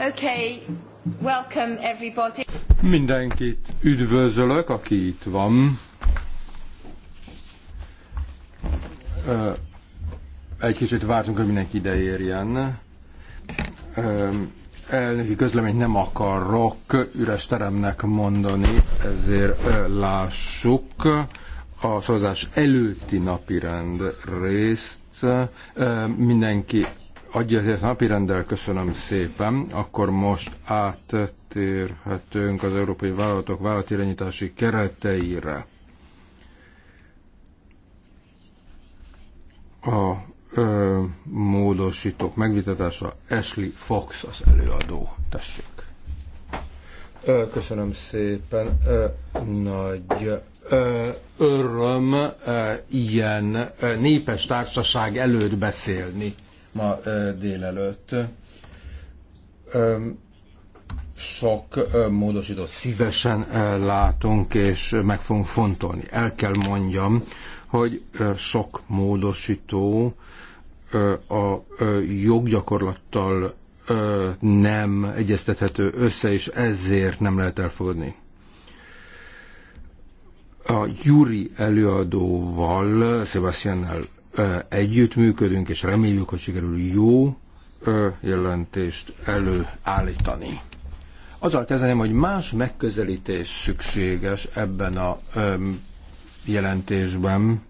Okay, welcome everybody. Mindenkit üdvözölök, aki itt van. Egy kicsit vártunk, hogy mindenki ide érjen. Elnöki közleményt nem akarok üres teremnek mondani, ezért lássuk a szavazás előtti napi rend részt. Mindenki adja ezt napirendel, köszönöm szépen. Akkor most áttérhetünk az európai vállalatok vállalatirányítási kereteire. A ö, módosítók megvitatása Ashley Fox az előadó. Tessék. köszönöm szépen. nagy öröm ilyen népes társaság előtt beszélni ma délelőtt. Sok módosítót szívesen látunk, és meg fogunk fontolni. El kell mondjam, hogy sok módosító a joggyakorlattal nem egyeztethető össze, és ezért nem lehet elfogadni a Juri előadóval, Sebastiannel együttműködünk, és reméljük, hogy sikerül jó jelentést előállítani. Azzal kezdeném, hogy más megközelítés szükséges ebben a jelentésben,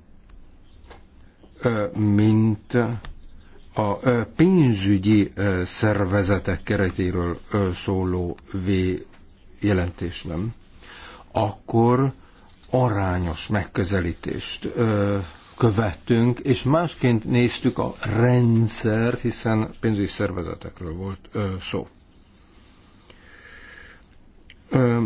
mint a pénzügyi szervezetek keretéről szóló v jelentésben, akkor arányos megközelítést követtünk, és másként néztük a rendszert, hiszen pénzügyi szervezetekről volt ö, szó. Ö,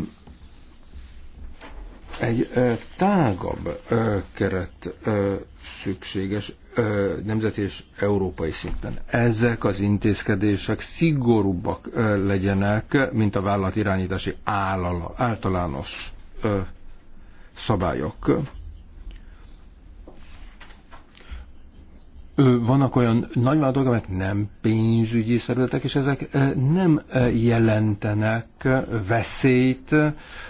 egy ö, tágabb ö, keret ö, szükséges ö, nemzeti és európai szinten. Ezek az intézkedések szigorúbbak ö, legyenek, mint a vállalat irányítási állala, általános ö, szabályok vannak olyan nagyvállalatok, dolgok, amelyek nem pénzügyi szerületek, és ezek nem jelentenek veszélyt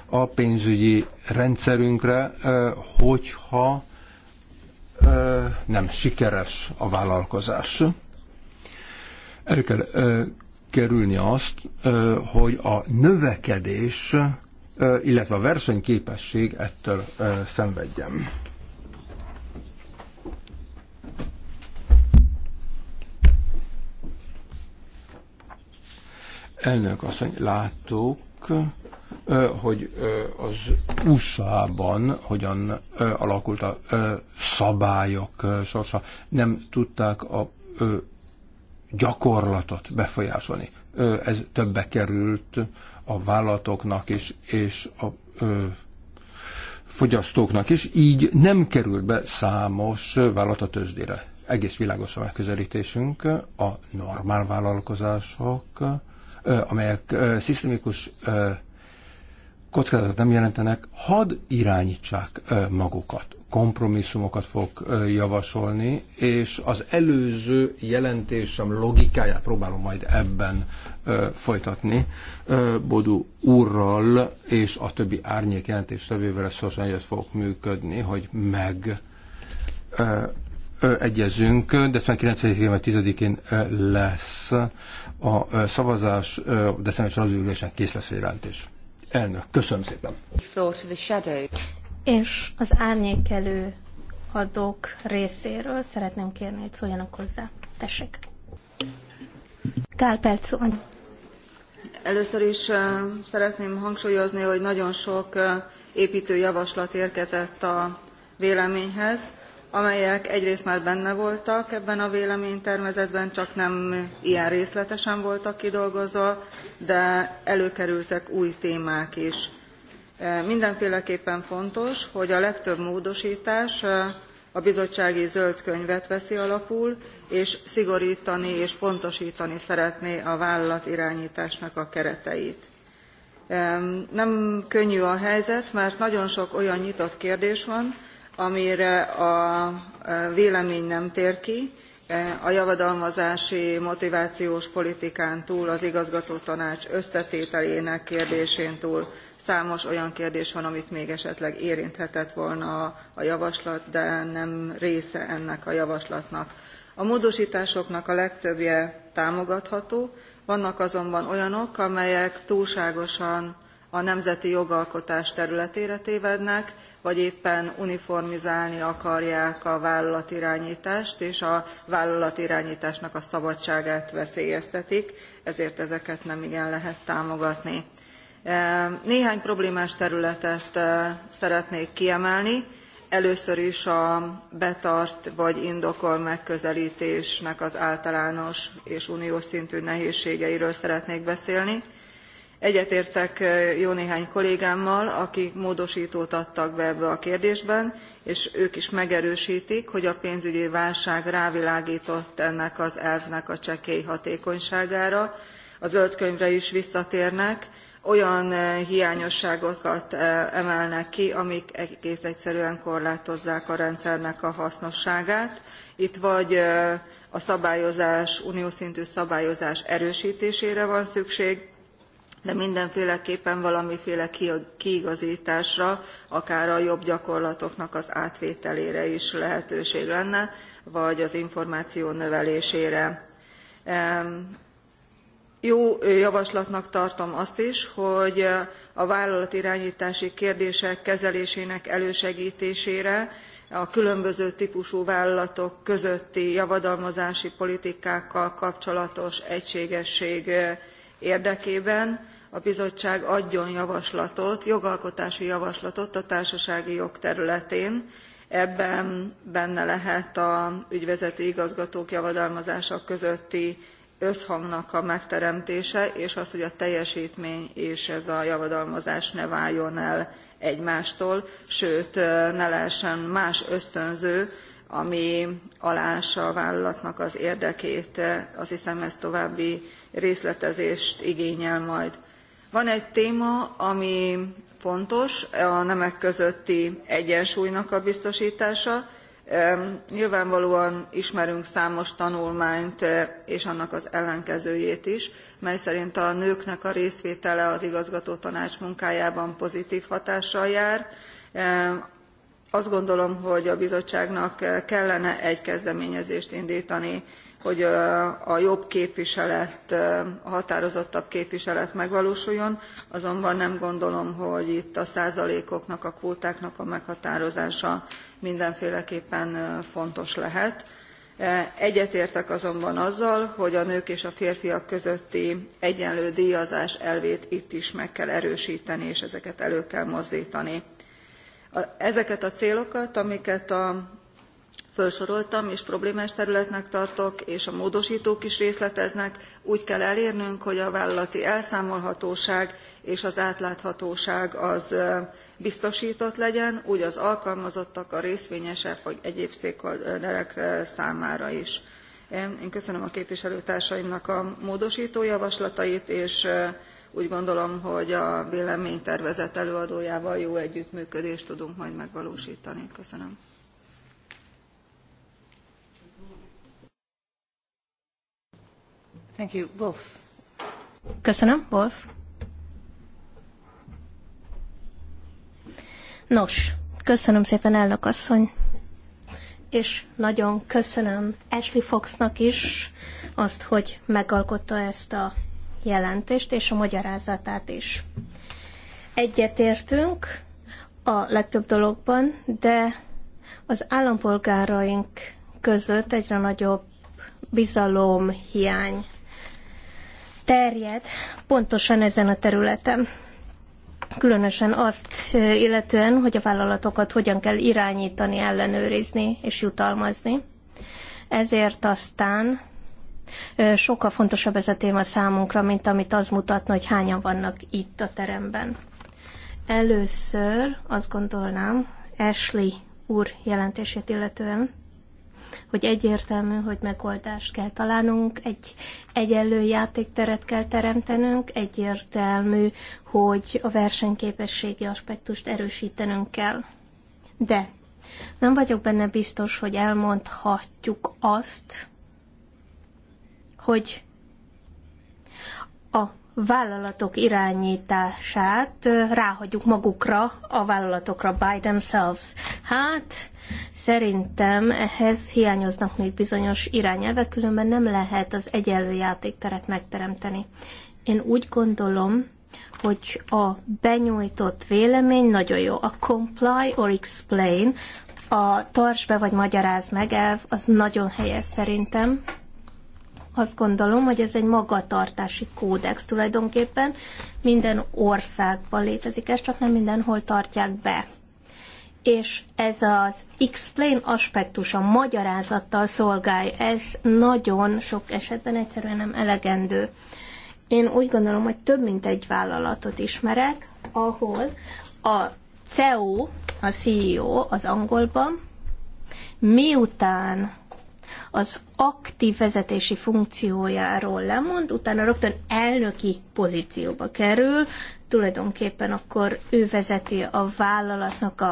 a pénzügyi rendszerünkre, hogyha nem sikeres a vállalkozás. El kell kerülni azt, hogy a növekedés, illetve a versenyképesség ettől szenvedjen. Elnök asszony, láttuk, hogy az USA-ban hogyan alakult a szabályok sorsa. Nem tudták a gyakorlatot befolyásolni. Ez többe került a vállalatoknak is, és a fogyasztóknak is, így nem került be számos vállalat a tőzsdére. Egész világos a megközelítésünk, a normál vállalkozások amelyek szisztemikus kockázatot nem jelentenek, hadd irányítsák magukat. Kompromisszumokat fog javasolni, és az előző jelentésem logikáját próbálom majd ebben folytatni. Bodu úrral és a többi árnyék jelentéstevővel szorosan egyet fog működni, hogy meg egyezünk, december 9-én vagy 10-én lesz a szavazás, december sorozülésen kész lesz a jelentés. Elnök, köszönöm szépen. És az árnyékelő adók részéről szeretném kérni, hogy szóljanak hozzá. Tessék. Gál Először is szeretném hangsúlyozni, hogy nagyon sok építő javaslat érkezett a véleményhez amelyek egyrészt már benne voltak ebben a véleménytervezetben csak nem ilyen részletesen voltak kidolgozva de előkerültek új témák is. E, mindenféleképpen fontos hogy a legtöbb módostás e, a bizottsági zöld könyvet veszi alapul és szigortani és pontostani szeretné a irányításnak a kereteit. E, nem könnyű a helyzet mert nagyon sok olyan nyitott kérdés van amire a vélemény nem tér ki a javadalmazási motivációs politikán túl az igazgatótanács összetételének kérdésén túl számos olyan kérdés van amit még esetleg érinthetett volna a javaslat de nem része ennek a javaslatnak. a módostásoknak a legtöbbje támogatható vannak azonban olyanok amelyek túlságosan a nemzeti jogalkotás területére tévednek vagy éppen uniformizálni akarják a vállalatiránytást és a vállalatiránytásnak a szabadságát veszélyeztetik ezért ezeket nemigen lehet támogatni. E, néhány problémás területet e, szeretnék kiemelni először is a betart vagy indokol megközeltésnek az általános és uniós szintű nehézségeiről szeretnék beszélni egyetértek eh, jó néhány kollégámmal akik módostót adtak be ebbe a kérdésben és ők is megerőstik hogy a pénzügyi válság rávilágtott ennek az elvnek a csekély hatékonyságára a zöld könyvre is visszatérnek olyan eh, hiányosságokat eh, emelnek ki amik egész egyszerűen korlátozzák a rendszernek a hasznosságát itt vagy a szabályozás uniós szintű szabályozás erőstésére van szükség de mindenféleképpen valamiféle kiigaztásra akár a jobb gyakorlatoknak az átvételére is lehetőség lenne vagy az információ növelésére. jó javaslatnak tartom azt is hogy a vállalatiránytási kérdések kezelésének elősegtésére a különböző tpusú vállalatok közötti javadalmazási politikákkal kapcsolatos egységesség érdekében a bizottság adjon javaslatot jogalkotási javaslatot a társasági jog területén ebben benne lehet az ügyvezető igazgatók javadalmazása közötti összhangnak a megteremtése és az hogy a teljestmény és ez a javadalmazás ne váljon el egymástól sőt ne lehessen más ösztönző ami aláássa a vállalatnak az érdekét. azt hiszem ez további részletezést igényel majd van egy téma ami fontos a nemek közötti egyensúlynak a biztostása. nyilvánvalóan ismerünk számos tanulmányt e, és annak az ellenkezőjét is mely szerint a nőknek a részvétele az igazgatótanács munkájában pozitv hatással jár azt gondolom hogy a bizottságnak e, kellene egy kezdeményezést indtani hogy a jobb képviselet, a határozottabb képviselet megvalósuljon, azonban nem gondolom, hogy itt a százalékoknak, a kvótáknak a meghatározása mindenféleképpen fontos lehet. E, egyetértek azonban azzal, hogy a nők és a férfiak közötti egyenlő díjazás elvét itt is meg kell erősíteni, és ezeket elő kell mozdítani. Ezeket a célokat, amiket a fölsoroltam és problémás területnek tartok és a módostók is részleteznek úgy kell elérnünk hogy a vállalati elszámolhatóság és az átláthatóság az biztostott legyen úgy az alkalmazottak a részvényesek vagy egyéb stakeholderek számára is. én köszönöm a képviselőtársaimnak a módostó javaslatait és úgy gondolom hogy a véleménytervezet előadójával jó együttműködést tudunk majd megvalóstani. köszönöm. Thank you. Wolf. Köszönöm, Wolf. Nos, köszönöm szépen, elnök asszony, és nagyon köszönöm Ashley Foxnak is azt, hogy megalkotta ezt a jelentést, és a magyarázatát is. Egyetértünk a legtöbb dologban, de az állampolgáraink között egyre nagyobb bizalomhiány terjed pontosan ezen a területen. Különösen azt illetően, hogy a vállalatokat hogyan kell irányítani, ellenőrizni és jutalmazni. Ezért aztán sokkal fontosabb ez a téma számunkra, mint amit az mutatna, hogy hányan vannak itt a teremben. Először azt gondolnám, Ashley úr jelentését illetően, hogy egyértelmű, hogy megoldást kell találnunk, egy egyenlő játékteret kell teremtenünk, egyértelmű, hogy a versenyképességi aspektust erősítenünk kell. De nem vagyok benne biztos, hogy elmondhatjuk azt, hogy vállalatok irányítását ráhagyjuk magukra, a vállalatokra by themselves. Hát, szerintem ehhez hiányoznak még bizonyos irányelvek, különben nem lehet az egyenlő játékteret megteremteni. Én úgy gondolom, hogy a benyújtott vélemény nagyon jó. A comply or explain, a tarts be vagy magyaráz meg elv, az nagyon helyes szerintem azt gondolom, hogy ez egy magatartási kódex tulajdonképpen. Minden országban létezik ez, csak nem mindenhol tartják be. És ez az explain aspektus, a magyarázattal szolgálj, ez nagyon sok esetben egyszerűen nem elegendő. Én úgy gondolom, hogy több mint egy vállalatot ismerek, ahol a CEO, a CEO az angolban, miután az aktív vezetési funkciójáról lemond, utána rögtön elnöki pozícióba kerül, tulajdonképpen akkor ő vezeti a vállalatnak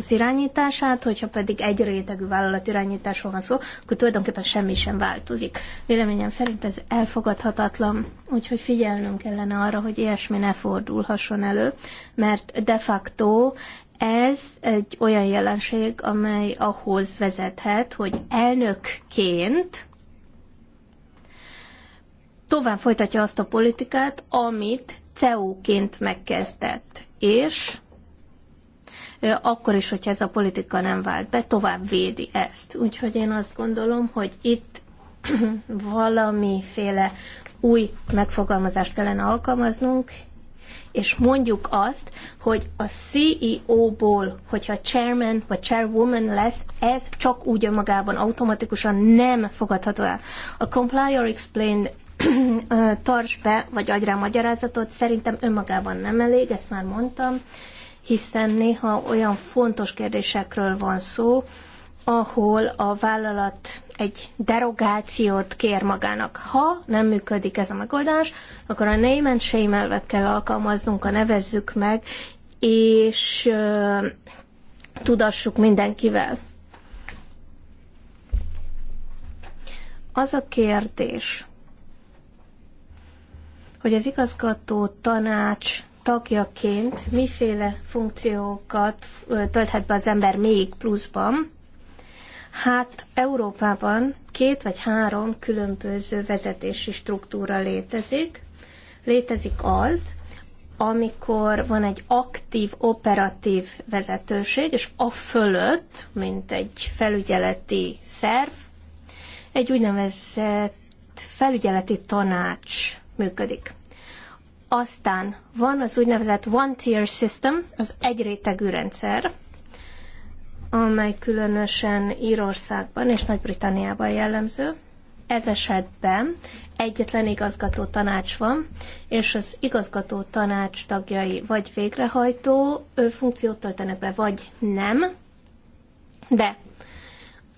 az irányítását, hogyha pedig egy rétegű vállalat irányításról van szó, akkor tulajdonképpen semmi sem változik. Véleményem szerint ez elfogadhatatlan, úgyhogy figyelnünk kellene arra, hogy ilyesmi ne fordulhasson elő, mert de facto ez egy olyan jelenség, amely ahhoz vezethet, hogy elnökként tovább folytatja azt a politikát, amit CEU-ként megkezdett, és akkor is, hogyha ez a politika nem vált be, tovább védi ezt. Úgyhogy én azt gondolom, hogy itt valamiféle új megfogalmazást kellene alkalmaznunk, és mondjuk azt, hogy a CEO-ból, hogyha chairman vagy chairwoman lesz, ez csak úgy önmagában automatikusan nem fogadható el. A comply or explain tarts be, vagy adj rá magyarázatot, szerintem önmagában nem elég, ezt már mondtam, hiszen néha olyan fontos kérdésekről van szó, ahol a vállalat egy derogációt kér magának. Ha nem működik ez a megoldás, akkor a name and shame elvet kell alkalmaznunk, a nevezzük meg, és euh, tudassuk mindenkivel. Az a kérdés, hogy az igazgató tanács tagjaként miféle funkciókat tölthet be az ember még pluszban, Hát Európában két vagy három különböző vezetési struktúra létezik. Létezik az, amikor van egy aktív, operatív vezetőség, és a fölött, mint egy felügyeleti szerv, egy úgynevezett felügyeleti tanács működik. Aztán van az úgynevezett one-tier system, az egyrétegű rendszer, amely különösen Írországban és Nagy-Britanniában jellemző. Ez esetben egyetlen igazgató tanács van, és az igazgató tanács tagjai vagy végrehajtó funkciót töltenek be, vagy nem, de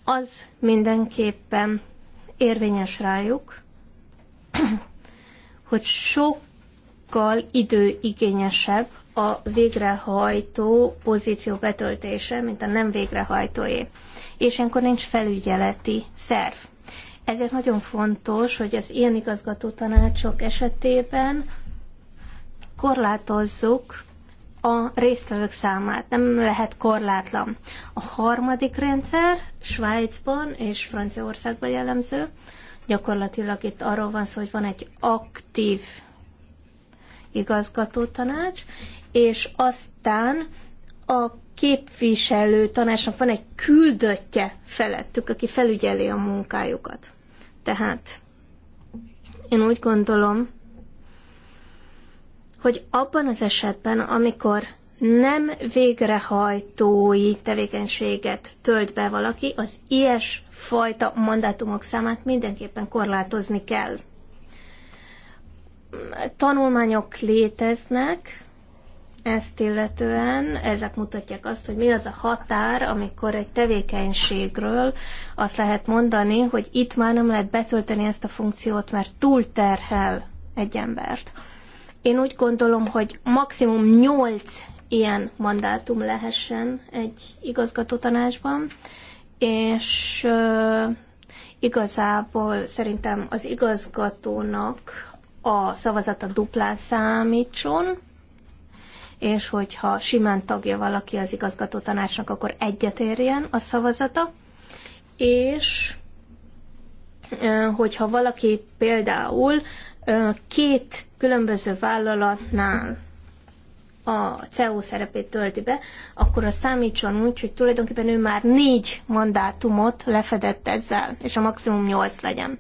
az mindenképpen érvényes rájuk, hogy sokkal időigényesebb a végrehajtó pozíció betöltése, mint a nem végrehajtóé. És ilyenkor nincs felügyeleti szerv. Ezért nagyon fontos, hogy az ilyen igazgató tanácsok esetében korlátozzuk a résztvevők számát, nem lehet korlátlan. A harmadik rendszer Svájcban és Franciaországban jellemző, gyakorlatilag itt arról van szó, hogy van egy aktív igazgató tanács, és aztán a képviselő tanácsnak van egy küldöttje felettük, aki felügyeli a munkájukat. Tehát én úgy gondolom, hogy abban az esetben, amikor nem végrehajtói tevékenységet tölt be valaki, az ilyes fajta mandátumok számát mindenképpen korlátozni kell. Tanulmányok léteznek, ezt illetően, ezek mutatják azt, hogy mi az a határ, amikor egy tevékenységről azt lehet mondani, hogy itt már nem lehet betölteni ezt a funkciót, mert túl terhel egy embert. Én úgy gondolom, hogy maximum 8 ilyen mandátum lehessen egy igazgatótanácsban, és igazából szerintem az igazgatónak a szavazata duplán számítson, és hogyha simán tagja valaki az igazgató tanácsnak, akkor egyetérjen a szavazata, és hogyha valaki például két különböző vállalatnál a CEO szerepét tölti be, akkor a számítson úgy, hogy tulajdonképpen ő már négy mandátumot lefedett ezzel, és a maximum nyolc legyen.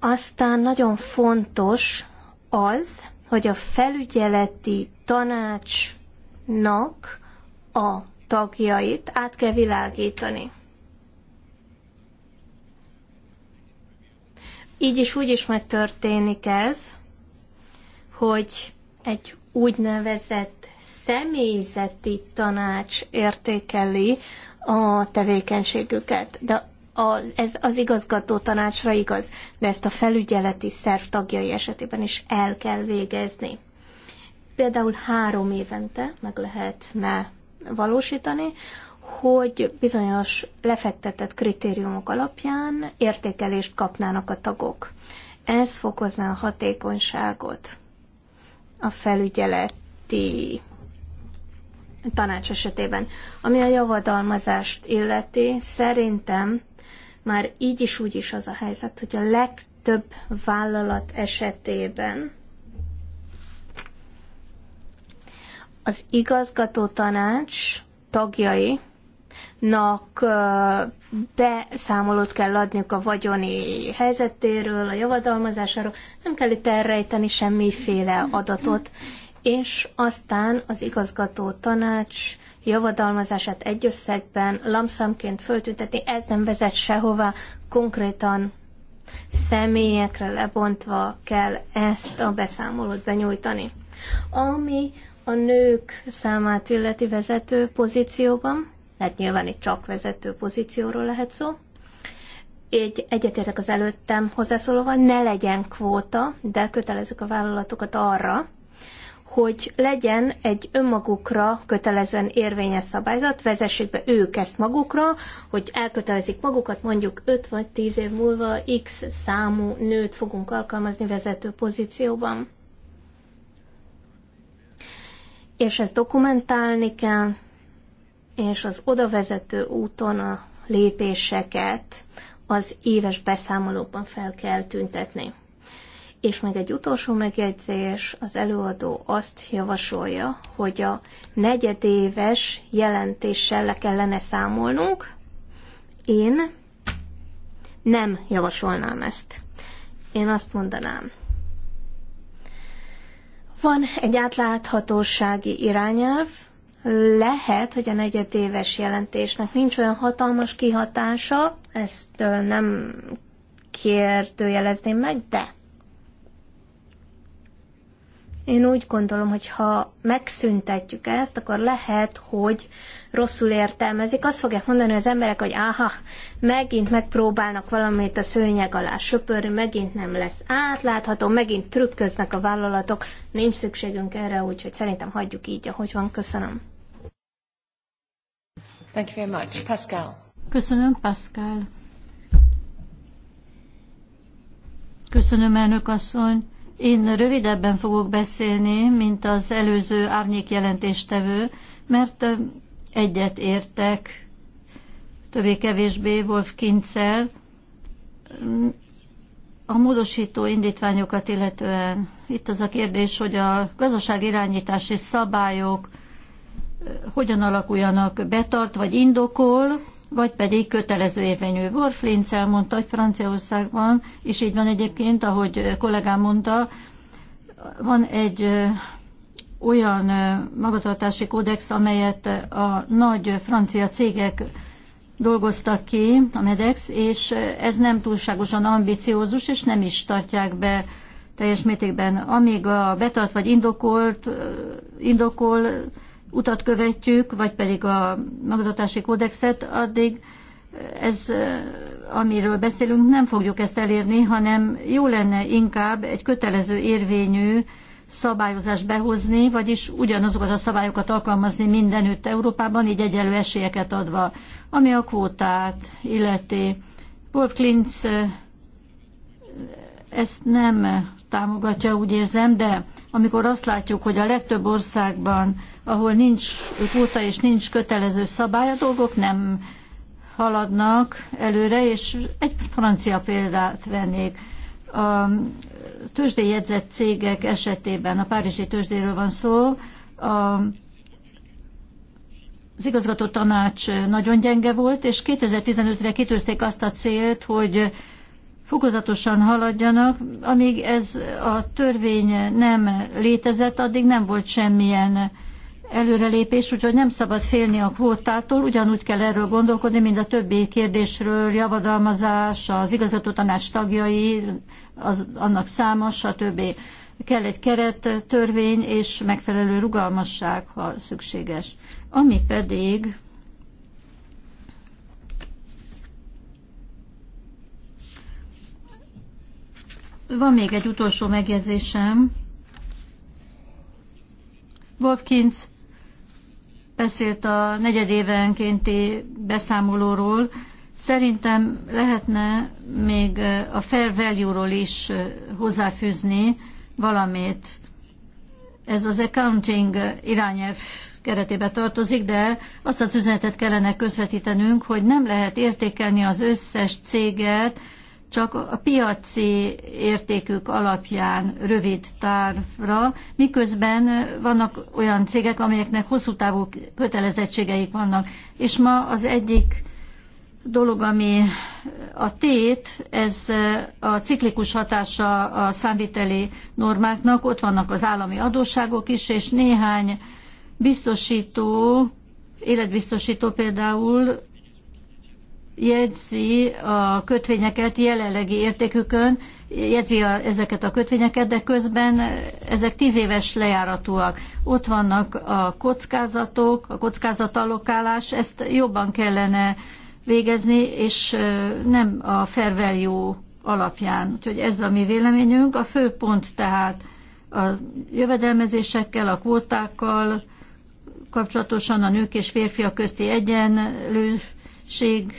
Aztán nagyon fontos az, hogy a felügyeleti tanácsnak a tagjait át kell világítani. Így is úgy is megtörténik ez, hogy egy úgynevezett személyzeti tanács értékeli a tevékenységüket. De az, ez az igazgató tanácsra igaz, de ezt a felügyeleti szerv tagjai esetében is el kell végezni. Például három évente meg lehetne valósítani, hogy bizonyos lefektetett kritériumok alapján értékelést kapnának a tagok. Ez fokozná a hatékonyságot a felügyeleti tanács esetében. Ami a javadalmazást illeti, szerintem már így is úgy is az a helyzet, hogy a legtöbb vállalat esetében az igazgató tanács tagjai nak beszámolót kell adniuk a vagyoni helyzetéről, a javadalmazásáról, nem kell itt elrejteni semmiféle adatot, és aztán az igazgató tanács javadalmazását egy összegben lamszamként föltüntetni, ez nem vezet sehova, konkrétan személyekre lebontva kell ezt a beszámolót benyújtani. Ami a nők számát illeti vezető pozícióban, hát nyilván itt csak vezető pozícióról lehet szó, Egy egyetértek az előttem hozzászólóval, ne legyen kvóta, de kötelezzük a vállalatokat arra, hogy legyen egy önmagukra kötelezően érvényes szabályzat, vezessék be ők ezt magukra, hogy elkötelezik magukat, mondjuk 5 vagy 10 év múlva X számú nőt fogunk alkalmazni vezető pozícióban. És ezt dokumentálni kell, és az odavezető úton a lépéseket az éves beszámolókban fel kell tüntetni. És még egy utolsó megjegyzés, az előadó azt javasolja, hogy a negyedéves jelentéssel le kellene számolnunk. Én nem javasolnám ezt. Én azt mondanám. Van egy átláthatósági irányelv, lehet, hogy a negyedéves jelentésnek nincs olyan hatalmas kihatása, ezt nem kérdőjelezném meg, de én úgy gondolom, hogy ha megszüntetjük ezt, akkor lehet, hogy rosszul értelmezik. Azt fogják mondani az emberek, hogy áha, megint megpróbálnak valamit a szőnyeg alá söpörni, megint nem lesz átlátható, megint trükköznek a vállalatok. Nincs szükségünk erre, úgyhogy szerintem hagyjuk így, ahogy van. Köszönöm. Thank you very much. Pascal. Köszönöm, Pascal. Köszönöm, elnök asszony. Én rövidebben fogok beszélni, mint az előző árnyék jelentéstevő, mert egyet értek többé-kevésbé Wolf Kincel mm, a módosító indítványokat illetően. Itt az a kérdés, hogy a gazdaság irányítási szabályok hogyan alakuljanak betart vagy indokol, vagy pedig kötelező érvényű. Wolf Linz elmondta, hogy Franciaországban, és így van egyébként, ahogy kollégám mondta, van egy olyan magatartási kódex, amelyet a nagy francia cégek dolgoztak ki, a MEDEX, és ez nem túlságosan ambiciózus, és nem is tartják be teljes mértékben. Amíg a betart vagy indokolt, indokol utat követjük, vagy pedig a magadatási kódexet, addig ez, amiről beszélünk, nem fogjuk ezt elérni, hanem jó lenne inkább egy kötelező érvényű szabályozást behozni, vagyis ugyanazokat a szabályokat alkalmazni mindenütt Európában, így egyenlő esélyeket adva, ami a kvótát illeti. Wolf Klintz ezt nem támogatja, úgy érzem, de amikor azt látjuk, hogy a legtöbb országban, ahol nincs kvóta és nincs kötelező szabály, a dolgok nem haladnak előre, és egy francia példát vennék. A tőzsdéjegyzett cégek esetében, a Párizsi tőzsdéről van szó, a az igazgató tanács nagyon gyenge volt, és 2015-re kitűzték azt a célt, hogy fokozatosan haladjanak. Amíg ez a törvény nem létezett, addig nem volt semmilyen előrelépés, úgyhogy nem szabad félni a kvótától, ugyanúgy kell erről gondolkodni, mint a többi kérdésről, javadalmazás, az igazgató tanács tagjai, az, annak száma, stb. Kell egy keret, törvény és megfelelő rugalmasság, ha szükséges. Ami pedig Van még egy utolsó megjegyzésem. Wolfkins beszélt a negyedévenkénti beszámolóról. Szerintem lehetne még a fair value-ról is hozzáfűzni valamit. Ez az accounting irányelv keretébe tartozik, de azt az üzenetet kellene közvetítenünk, hogy nem lehet értékelni az összes céget, csak a piaci értékük alapján rövid távra, miközben vannak olyan cégek, amelyeknek hosszú távú kötelezettségeik vannak. És ma az egyik dolog, ami a tét, ez a ciklikus hatása a számviteli normáknak, ott vannak az állami adósságok is, és néhány biztosító, életbiztosító például jegyzi a kötvényeket jelenlegi értékükön, jegyzi a, ezeket a kötvényeket, de közben ezek tíz éves lejáratúak. Ott vannak a kockázatok, a kockázatallokálás, ezt jobban kellene végezni, és nem a fair value alapján. Úgyhogy ez a mi véleményünk. A fő pont tehát a jövedelmezésekkel, a kvótákkal, kapcsolatosan a nők és férfiak közti egyenlőség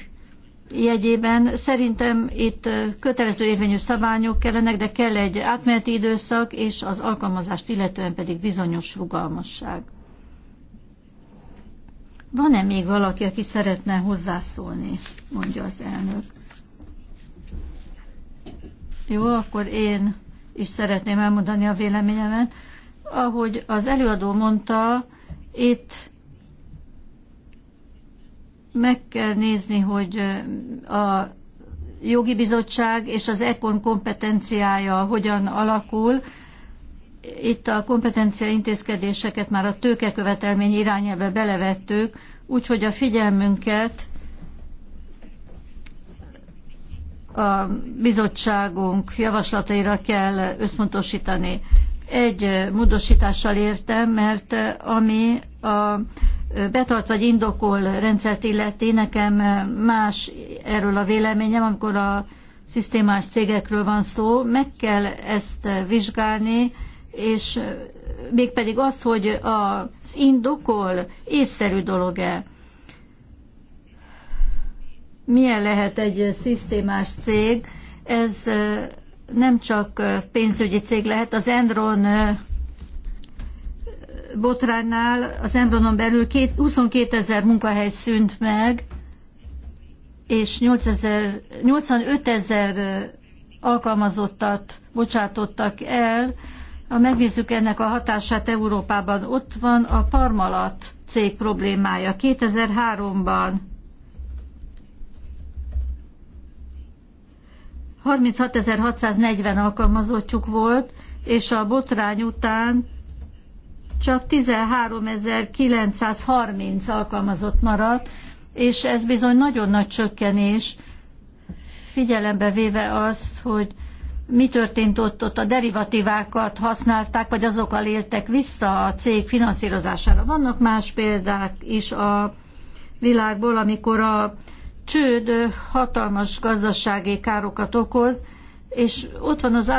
jegyében. Szerintem itt kötelező érvényű szabályok kellenek, de kell egy átmeneti időszak, és az alkalmazást illetően pedig bizonyos rugalmasság. Van-e még valaki, aki szeretne hozzászólni, mondja az elnök. Jó, akkor én is szeretném elmondani a véleményemet. Ahogy az előadó mondta, itt meg kell nézni, hogy a jogi bizottság és az ECON kompetenciája hogyan alakul. Itt a kompetencia intézkedéseket már a tőkekövetelmény irányába belevettük, úgyhogy a figyelmünket a bizottságunk javaslataira kell összpontosítani. Egy módosítással értem, mert ami a betart vagy indokol rendszert illeti, nekem más erről a véleményem, amikor a szisztémás cégekről van szó, meg kell ezt vizsgálni, és mégpedig az, hogy az indokol észszerű dolog-e. Milyen lehet egy szisztémás cég? Ez nem csak pénzügyi cég lehet, az Enron botránynál az Enronon belül 22 ezer munkahely szűnt meg, és 8 ezer, 85 ezer alkalmazottat bocsátottak el. Ha megnézzük ennek a hatását Európában, ott van a Parmalat cég problémája 2003-ban. 36.640 alkalmazottjuk volt, és a botrány után csak 13.930 alkalmazott maradt, és ez bizony nagyon nagy csökkenés, figyelembe véve azt, hogy mi történt ott, ott a derivatívákat használták, vagy azokkal éltek vissza a cég finanszírozására. Vannak más példák is a világból, amikor a csőd hatalmas gazdasági károkat okoz, és ott van az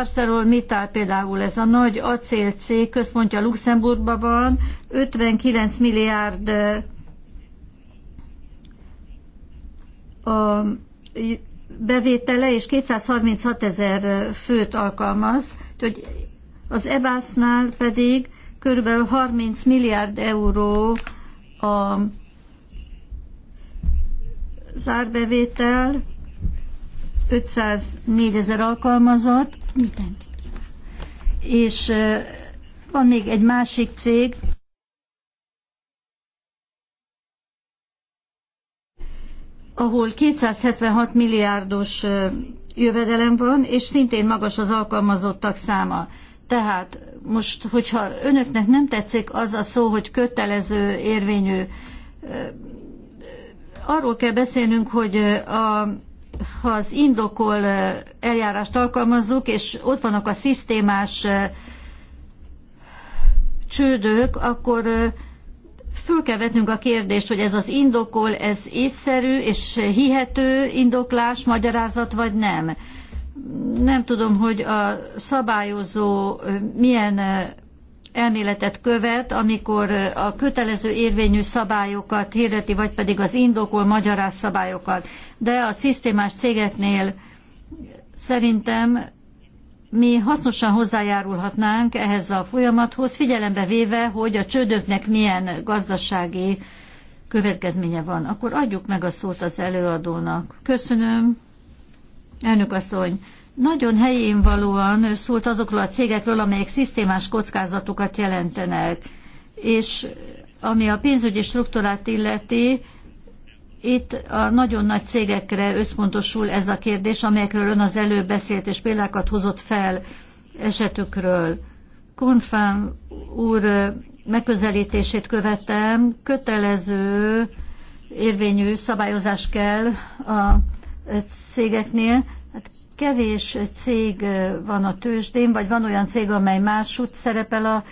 Mittal például ez a nagy acélcég központja Luxemburgban van, 59 milliárd a bevétele, és 236 ezer főt alkalmaz, hogy az EBÁSZ-nál pedig kb. 30 milliárd euró a zárbevétel, 504 ezer alkalmazott, és van még egy másik cég, ahol 276 milliárdos jövedelem van, és szintén magas az alkalmazottak száma. Tehát most, hogyha önöknek nem tetszik az a szó, hogy kötelező érvényű, arról kell beszélnünk, hogy a ha az indokol eljárást alkalmazzuk, és ott vannak a szisztémás csődök, akkor föl kell vetnünk a kérdést, hogy ez az indokol, ez észszerű és hihető indoklás, magyarázat vagy nem. Nem tudom, hogy a szabályozó milyen elméletet követ, amikor a kötelező érvényű szabályokat hirdeti, vagy pedig az indokol magyaráz szabályokat. De a szisztémás cégeknél szerintem mi hasznosan hozzájárulhatnánk ehhez a folyamathoz, figyelembe véve, hogy a csődöknek milyen gazdasági következménye van. Akkor adjuk meg a szót az előadónak. Köszönöm. Elnök asszony, nagyon helyén valóan szólt azokról a cégekről, amelyek szisztémás kockázatokat jelentenek, és ami a pénzügyi struktúrát illeti, itt a nagyon nagy cégekre összpontosul ez a kérdés, amelyekről ön az előbb beszélt, és példákat hozott fel esetükről. Konfám úr megközelítését követem, kötelező érvényű szabályozás kell a cégeknél, kevés cég van a tőzsdén, vagy van olyan cég, amely másút szerepel a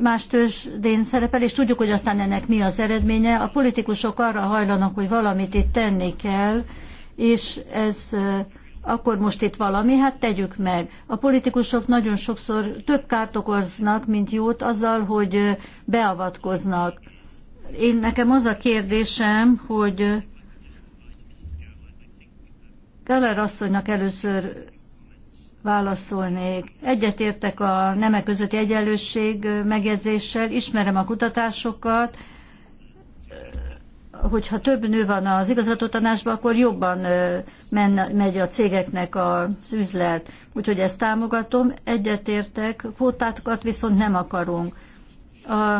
más tőzsdén szerepel, és tudjuk, hogy aztán ennek mi az eredménye. A politikusok arra hajlanak, hogy valamit itt tenni kell, és ez akkor most itt valami, hát tegyük meg. A politikusok nagyon sokszor több kárt okoznak, mint jót azzal, hogy beavatkoznak. Én nekem az a kérdésem, hogy Keller asszonynak először válaszolnék. Egyetértek a nemek közötti egyenlőség megjegyzéssel, ismerem a kutatásokat, hogyha több nő van az igazgatótanácsban, akkor jobban men, megy a cégeknek az üzlet. Úgyhogy ezt támogatom, egyetértek, kvótákat viszont nem akarunk. A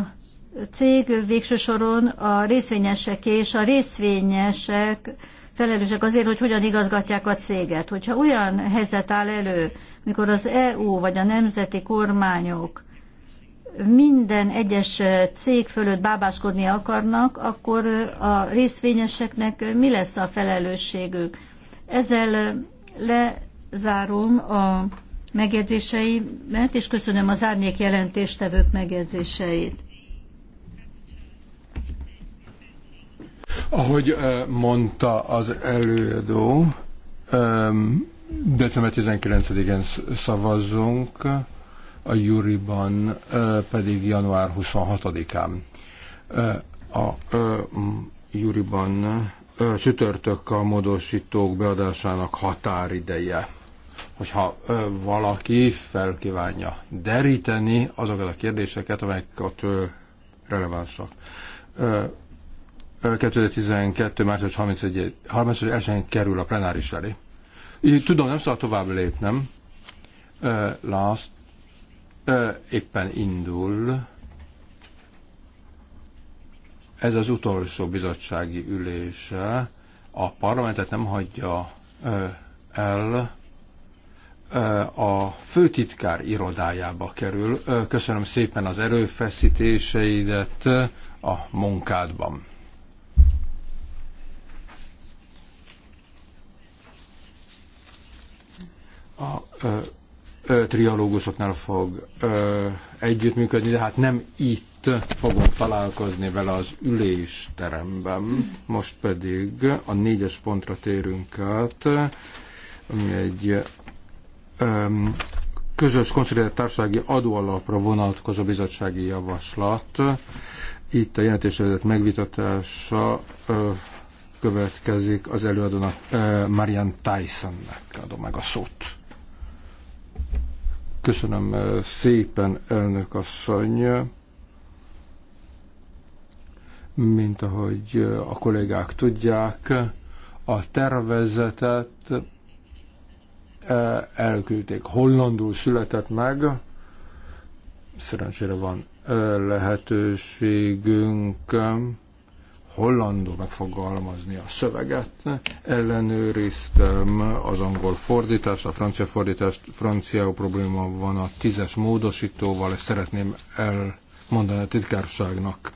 cég végső soron a részvényesek és a részvényesek felelősek azért, hogy hogyan igazgatják a céget. Hogyha olyan helyzet áll elő, mikor az EU vagy a nemzeti kormányok minden egyes cég fölött bábáskodni akarnak, akkor a részvényeseknek mi lesz a felelősségük? Ezzel lezárom a megjegyzéseimet, és köszönöm az árnyék jelentéstevők megjegyzéseit. Ahogy mondta az előadó, december 19-én szavazzunk, a Juriban pedig január 26-án. A Juriban sütörtök a módosítók beadásának határideje. Hogyha valaki felkívánja deríteni azokat a kérdéseket, amelyek ott relevánsak 2012. március 31. 31 kerül a plenáris elé. Így tudom, nem szabad tovább lépnem. Last éppen indul. Ez az utolsó bizottsági ülése. A parlamentet nem hagyja el a főtitkár irodájába kerül. Köszönöm szépen az erőfeszítéseidet a munkádban. a ö, triológusoknál fog ö, együttműködni, de hát nem itt fogunk találkozni vele az ülésteremben. Most pedig a négyes pontra térünk át, ami egy ö, közös konszolidált társasági adóalapra vonatkozó bizottsági javaslat. Itt a jelentésedet megvitatása ö, következik az előadónak, Marian Tysonnek adom meg a szót. Köszönöm eh, szépen, elnök asszony. Mint ahogy eh, a kollégák tudják, a tervezetet eh, elküldték. Hollandul született meg, szerencsére van lehetőségünk hollandul megfogalmazni a szöveget, ellenőriztem az angol fordítást, a francia fordítást, francia probléma van a tízes módosítóval, ezt szeretném elmondani a titkárságnak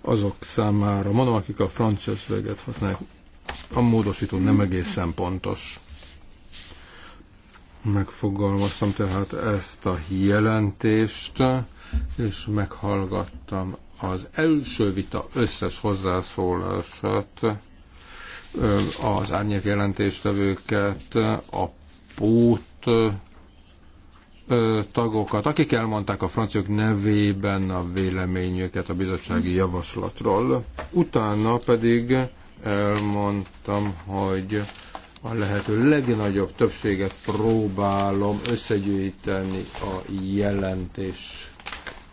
azok számára, mondom, akik a francia szöveget használják, a módosító nem egészen pontos. Megfogalmaztam tehát ezt a jelentést, és meghallgattam az első vita összes hozzászólását, az árnyék jelentéstevőket, a pót tagokat, akik elmondták a franciák nevében a véleményüket a bizottsági javaslatról. Utána pedig elmondtam, hogy a lehető legnagyobb többséget próbálom összegyűjteni a jelentés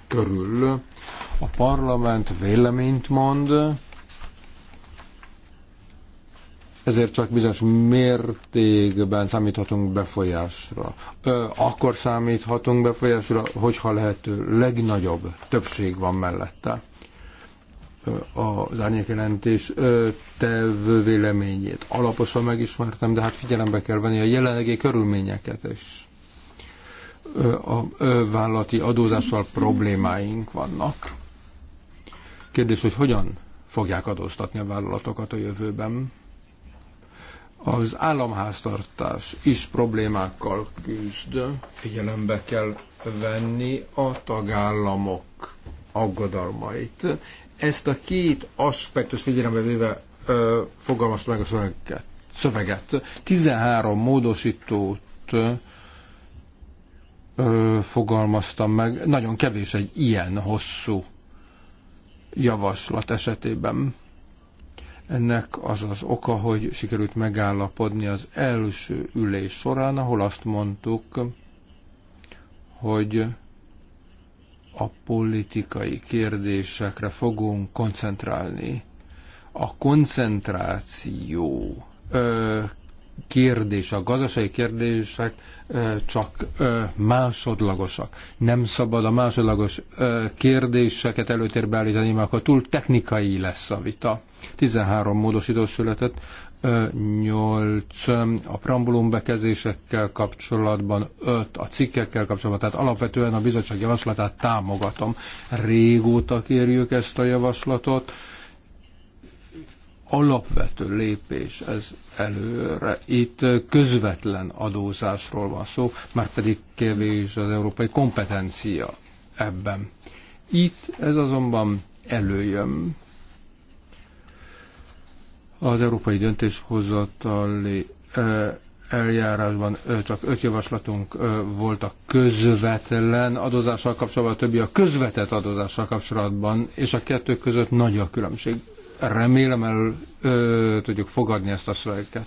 körül. A parlament véleményt mond, ezért csak bizonyos mértékben számíthatunk befolyásra. Ö, akkor számíthatunk befolyásra, hogyha lehető legnagyobb többség van mellette Ö, az árnyékjelentés tev véleményét. Alaposan megismertem, de hát figyelembe kell venni a jelenlegi körülményeket is a vállalati adózással problémáink vannak. Kérdés, hogy hogyan fogják adóztatni a vállalatokat a jövőben? Az államháztartás is problémákkal küzd, figyelembe kell venni a tagállamok aggodalmait. Ezt a két aspektus figyelembe véve ö, fogalmazta meg a szöveget. szöveget. 13 módosítót ö, fogalmaztam meg. Nagyon kevés egy ilyen hosszú javaslat esetében. Ennek az az oka, hogy sikerült megállapodni az első ülés során, ahol azt mondtuk, hogy a politikai kérdésekre fogunk koncentrálni. A koncentráció ö, kérdés, a gazdasági kérdések csak másodlagosak. Nem szabad a másodlagos kérdéseket előtérbe állítani, mert akkor túl technikai lesz a vita. 13 módosító született, 8 a prambulum bekezésekkel kapcsolatban, 5 a cikkekkel kapcsolatban, tehát alapvetően a bizottság javaslatát támogatom. Régóta kérjük ezt a javaslatot, alapvető lépés ez előre. Itt közvetlen adózásról van szó, már pedig kevés az európai kompetencia ebben. Itt ez azonban előjön. Az európai döntéshozatali eljárásban csak öt javaslatunk volt a közvetlen adózással kapcsolatban, a többi a közvetett adózással kapcsolatban, és a kettő között nagy a különbség remélem el ö, tudjuk fogadni ezt a szöveget.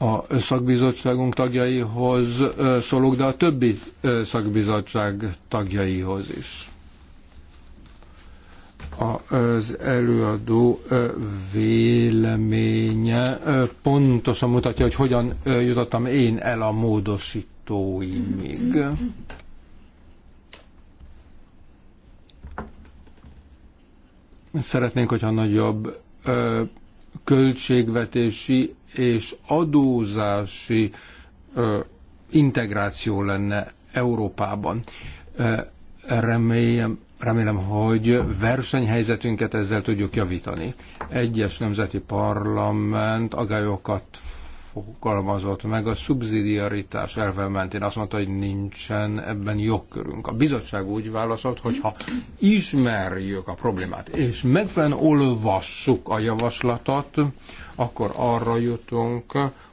A szakbizottságunk tagjaihoz szólok, de a többi szakbizottság tagjaihoz is. Az előadó véleménye pontosan mutatja, hogy hogyan jutottam én el a módosít hallgatói még. Szeretnénk, hogyha nagyobb ö, költségvetési és adózási ö, integráció lenne Európában. Ö, remélem, remélem, hogy versenyhelyzetünket ezzel tudjuk javítani. Egyes nemzeti parlament agályokat fogalmazott meg a szubszidiaritás elve mentén. Azt mondta, hogy nincsen ebben jogkörünk. A bizottság úgy válaszolt, hogy ha ismerjük a problémát, és megfelelően olvassuk a javaslatot, akkor arra jutunk,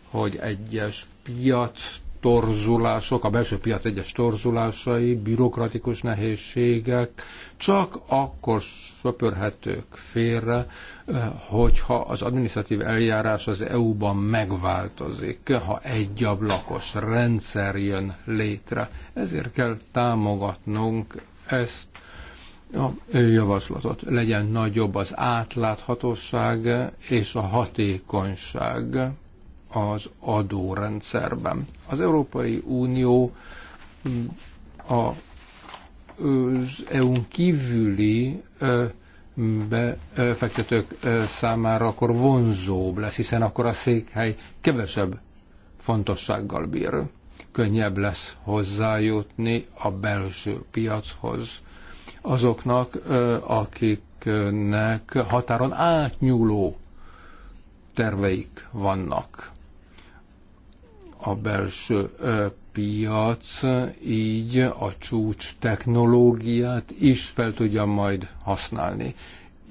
hogy egyes piac torzulások, a belső piac egyes torzulásai, bürokratikus nehézségek csak akkor söpörhetők félre, eh, hogyha az adminisztratív eljárás az EU-ban megváltozik, ha egy ablakos rendszer jön létre. Ezért kell támogatnunk ezt a javaslatot. Legyen nagyobb az átláthatóság és a hatékonyság az adórendszerben. Az Európai Unió a az EU-n kívüli befektetők számára akkor vonzóbb lesz, hiszen akkor a székhely kevesebb fontossággal bír. Könnyebb lesz hozzájutni a belső piachoz azoknak, akiknek határon átnyúló terveik vannak a belső piac így a csúcs technológiát is fel tudja majd használni.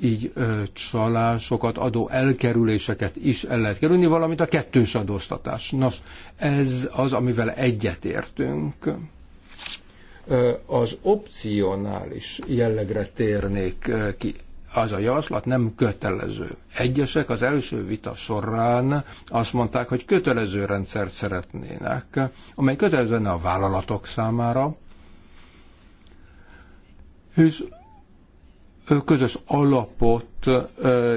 Így ö, csalásokat, adó elkerüléseket is el lehet kerülni, valamint a kettős adóztatás. Nos, ez az, amivel egyetértünk. Az opcionális jellegre térnék ki az a javaslat nem kötelező. Egyesek az első vita során azt mondták, hogy kötelező rendszert szeretnének, amely kötelező lenne a vállalatok számára, és közös alapot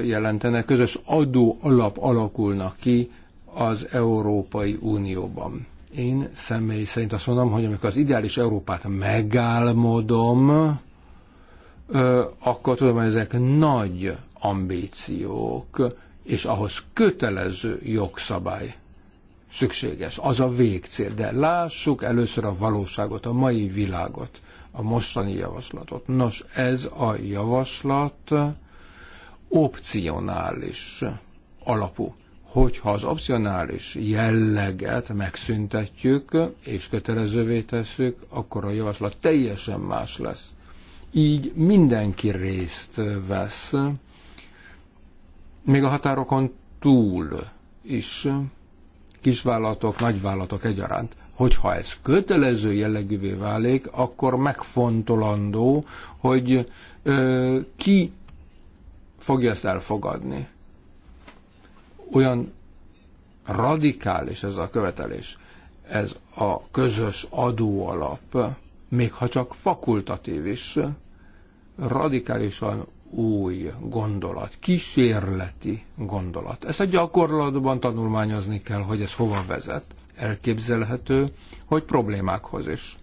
jelentenek, közös adó alap alakulna ki az Európai Unióban. Én személy szerint azt mondom, hogy amikor az ideális Európát megálmodom, akkor tudom, hogy ezek nagy ambíciók, és ahhoz kötelező jogszabály szükséges. Az a végcél. De lássuk először a valóságot, a mai világot, a mostani javaslatot. Nos, ez a javaslat opcionális alapú. Hogyha az opcionális jelleget megszüntetjük és kötelezővé tesszük, akkor a javaslat teljesen más lesz így mindenki részt vesz, még a határokon túl is kisvállalatok, nagyvállalatok egyaránt. Hogyha ez kötelező jellegűvé válik, akkor megfontolandó, hogy ö, ki fogja ezt elfogadni. Olyan radikális ez a követelés, ez a közös adóalap még ha csak fakultatív is, radikálisan új gondolat, kísérleti gondolat. Ezt a gyakorlatban tanulmányozni kell, hogy ez hova vezet. Elképzelhető, hogy problémákhoz is.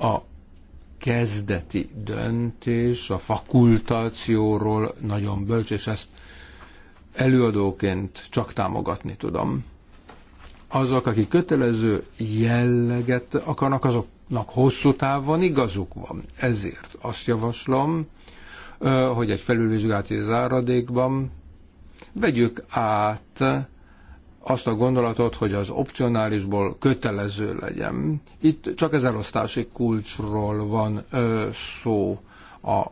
A kezdeti döntés a fakultációról nagyon bölcs, és ezt előadóként csak támogatni tudom. Azok, akik kötelező jelleget akarnak, azok nak hosszú távon igazuk van. Ezért azt javaslom, hogy egy felülvizsgálati záradékban vegyük át azt a gondolatot, hogy az opcionálisból kötelező legyen. Itt csak az elosztási kulcsról van szó. A,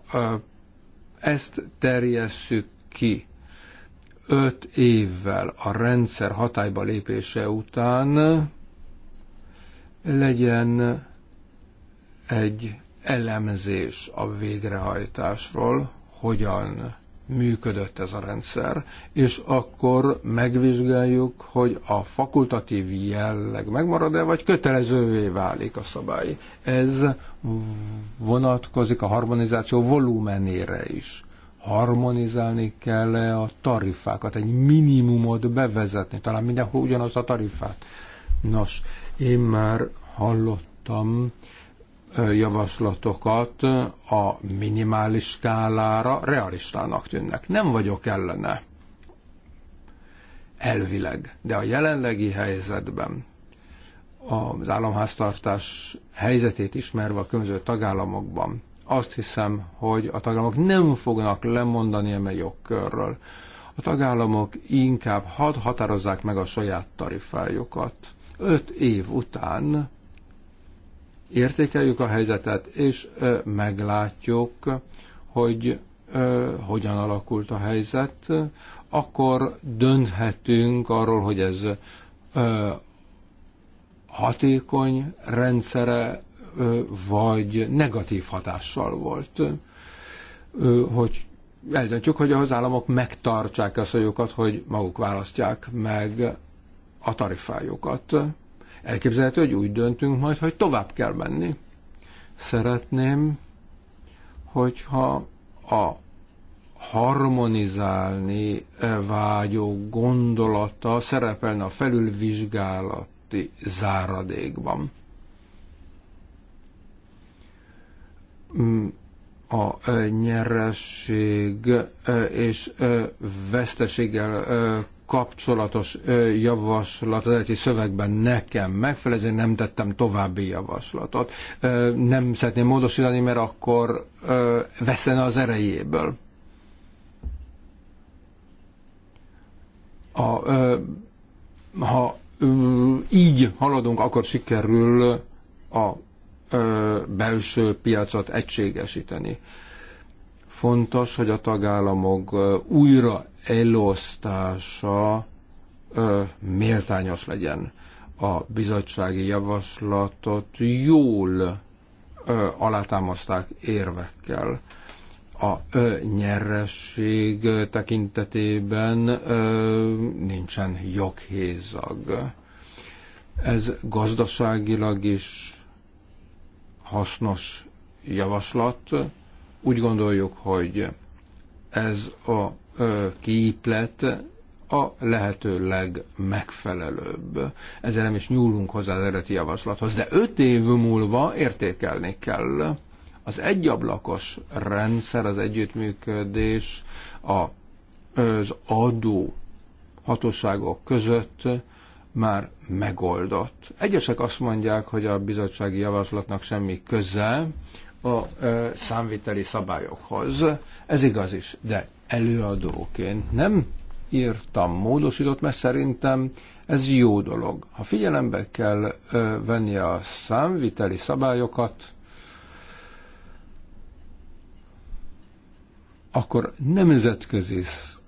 ezt terjesszük ki öt évvel a rendszer hatályba lépése után legyen egy elemzés a végrehajtásról, hogyan működött ez a rendszer, és akkor megvizsgáljuk, hogy a fakultatív jelleg megmarad-e, vagy kötelezővé válik a szabály. Ez vonatkozik a harmonizáció volumenére is. Harmonizálni kell -e a tarifákat, egy minimumot bevezetni, talán mindenhol ugyanazt a tarifát. Nos, én már hallottam javaslatokat a minimális skálára realistának tűnnek. Nem vagyok ellene. Elvileg. De a jelenlegi helyzetben az államháztartás helyzetét ismerve a különböző tagállamokban, azt hiszem, hogy a tagállamok nem fognak lemondani eme jogkörről. A tagállamok inkább hadd határozzák meg a saját tarifájukat. Öt év után értékeljük a helyzetet, és meglátjuk, hogy hogyan alakult a helyzet, akkor dönthetünk arról, hogy ez hatékony rendszere, vagy negatív hatással volt. Hogy eldöntjük, hogy az államok megtartsák a szajukat, hogy maguk választják meg a tarifájukat. Elképzelhető, hogy úgy döntünk majd, hogy tovább kell menni. Szeretném, hogyha a harmonizálni e, vágyó gondolata szerepelne a felülvizsgálati záradékban. Mm, a e, nyeresség e, és veszteséggel kapcsolatos javaslat az eredeti szövegben nekem megfelel, ezért nem tettem további javaslatot. Nem szeretném módosítani, mert akkor veszene az erejéből. A, ha így haladunk, akkor sikerül a belső piacot egységesíteni. Fontos, hogy a tagállamok újra elosztása méltányos legyen. A bizottsági javaslatot jól alátámaszták érvekkel a ö, nyeresség tekintetében ö, nincsen joghézag. Ez gazdaságilag is hasznos javaslat, úgy gondoljuk, hogy ez a képlet a lehető legmegfelelőbb. Ezzel nem is nyúlunk hozzá az eredeti javaslathoz, de öt év múlva értékelni kell. Az egyablakos rendszer, az együttműködés, a, az adó hatóságok között már megoldott. Egyesek azt mondják, hogy a bizottsági javaslatnak semmi köze a számviteli szabályokhoz. Ez igaz is, de előadóként nem írtam módosított, mert szerintem ez jó dolog. Ha figyelembe kell ö, venni a számviteli szabályokat, akkor nemzetközi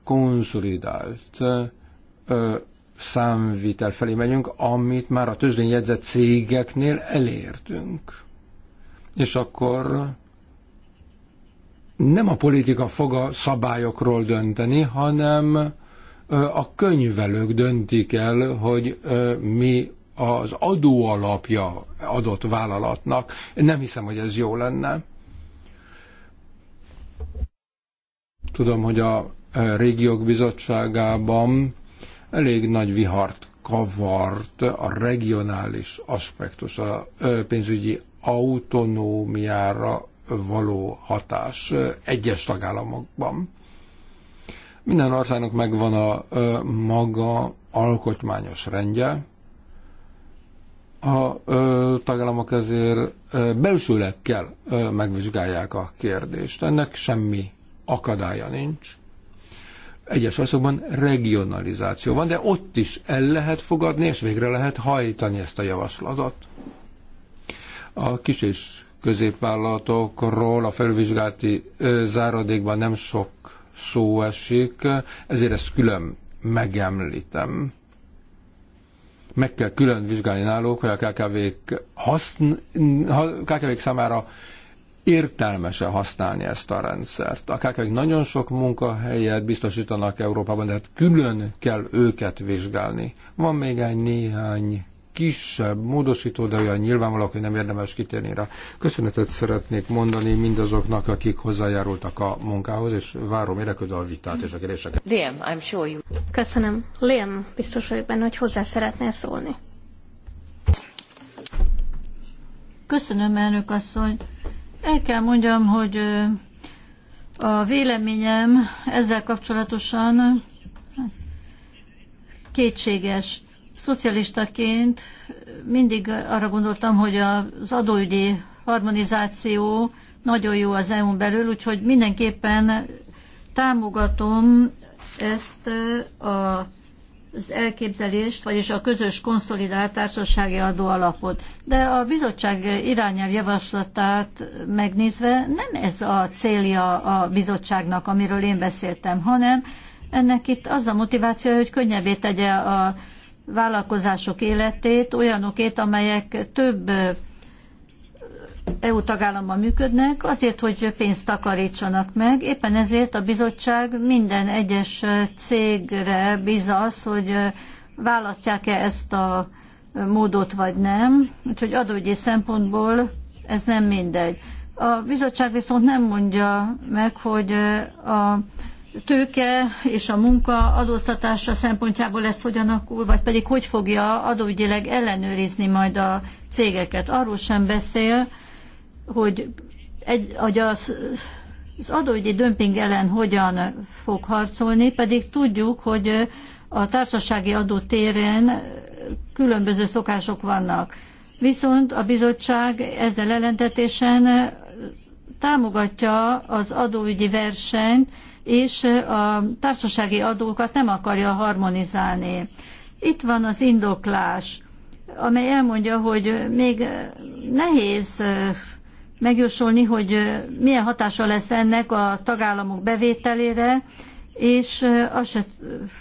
konszolidált ö, számvitel felé megyünk, amit már a tőzsdén jegyzett cégeknél elértünk és akkor nem a politika fog a szabályokról dönteni, hanem a könyvelők döntik el, hogy mi az adóalapja adott vállalatnak. Nem hiszem, hogy ez jó lenne. Tudom, hogy a régiók bizottságában elég nagy vihart kavart a regionális aspektus a pénzügyi autonómiára való hatás egyes tagállamokban. Minden országnak megvan a maga alkotmányos rendje, a ö, tagállamok ezért ö, belsőleg kell ö, megvizsgálják a kérdést. Ennek semmi akadálya nincs. Egyes országban regionalizáció van, de ott is el lehet fogadni, és végre lehet hajtani ezt a javaslatot. A kis és középvállalatokról a felvizsgálati záradékban nem sok szó esik, ezért ezt külön megemlítem. Meg kell külön vizsgálni náluk, hogy a KKV-k, haszn- KKV-k számára értelmese használni ezt a rendszert. A kkv nagyon sok munkahelyet biztosítanak Európában, de hát külön kell őket vizsgálni. Van még egy néhány kisebb módosító, de olyan nyilvánvaló, hogy nem érdemes kitérni rá. Köszönetet szeretnék mondani mindazoknak, akik hozzájárultak a munkához, és várom érdeklődve a vitát és a kérdéseket. Liam, I'm sure you... Köszönöm. Liam, biztos vagyok benne, hogy hozzá szeretnél szólni. Köszönöm, elnök asszony. El kell mondjam, hogy a véleményem ezzel kapcsolatosan kétséges. Szocialistaként mindig arra gondoltam, hogy az adóügyi harmonizáció nagyon jó az EU-n belül, úgyhogy mindenképpen támogatom ezt a az elképzelést, vagyis a közös konszolidált társasági alapot. De a bizottság irányelv javaslatát megnézve nem ez a célja a bizottságnak, amiről én beszéltem, hanem ennek itt az a motivációja, hogy könnyebbé tegye a vállalkozások életét, olyanokét, amelyek több EU tagállamban működnek, azért, hogy pénzt takarítsanak meg. Éppen ezért a bizottság minden egyes cégre bíz az, hogy választják-e ezt a módot vagy nem. Úgyhogy adógyi szempontból ez nem mindegy. A bizottság viszont nem mondja meg, hogy a tőke és a munka adóztatása szempontjából lesz hogyan alakul, vagy pedig hogy fogja adóügyileg ellenőrizni majd a cégeket. Arról sem beszél, hogy, egy, hogy az, az adóügyi dömping ellen hogyan fog harcolni, pedig tudjuk, hogy a társasági adó téren különböző szokások vannak. Viszont a bizottság ezzel ellentetésen támogatja az adóügyi versenyt, és a társasági adókat nem akarja harmonizálni. Itt van az indoklás, amely elmondja, hogy még nehéz megjósolni, hogy milyen hatása lesz ennek a tagállamok bevételére, és az se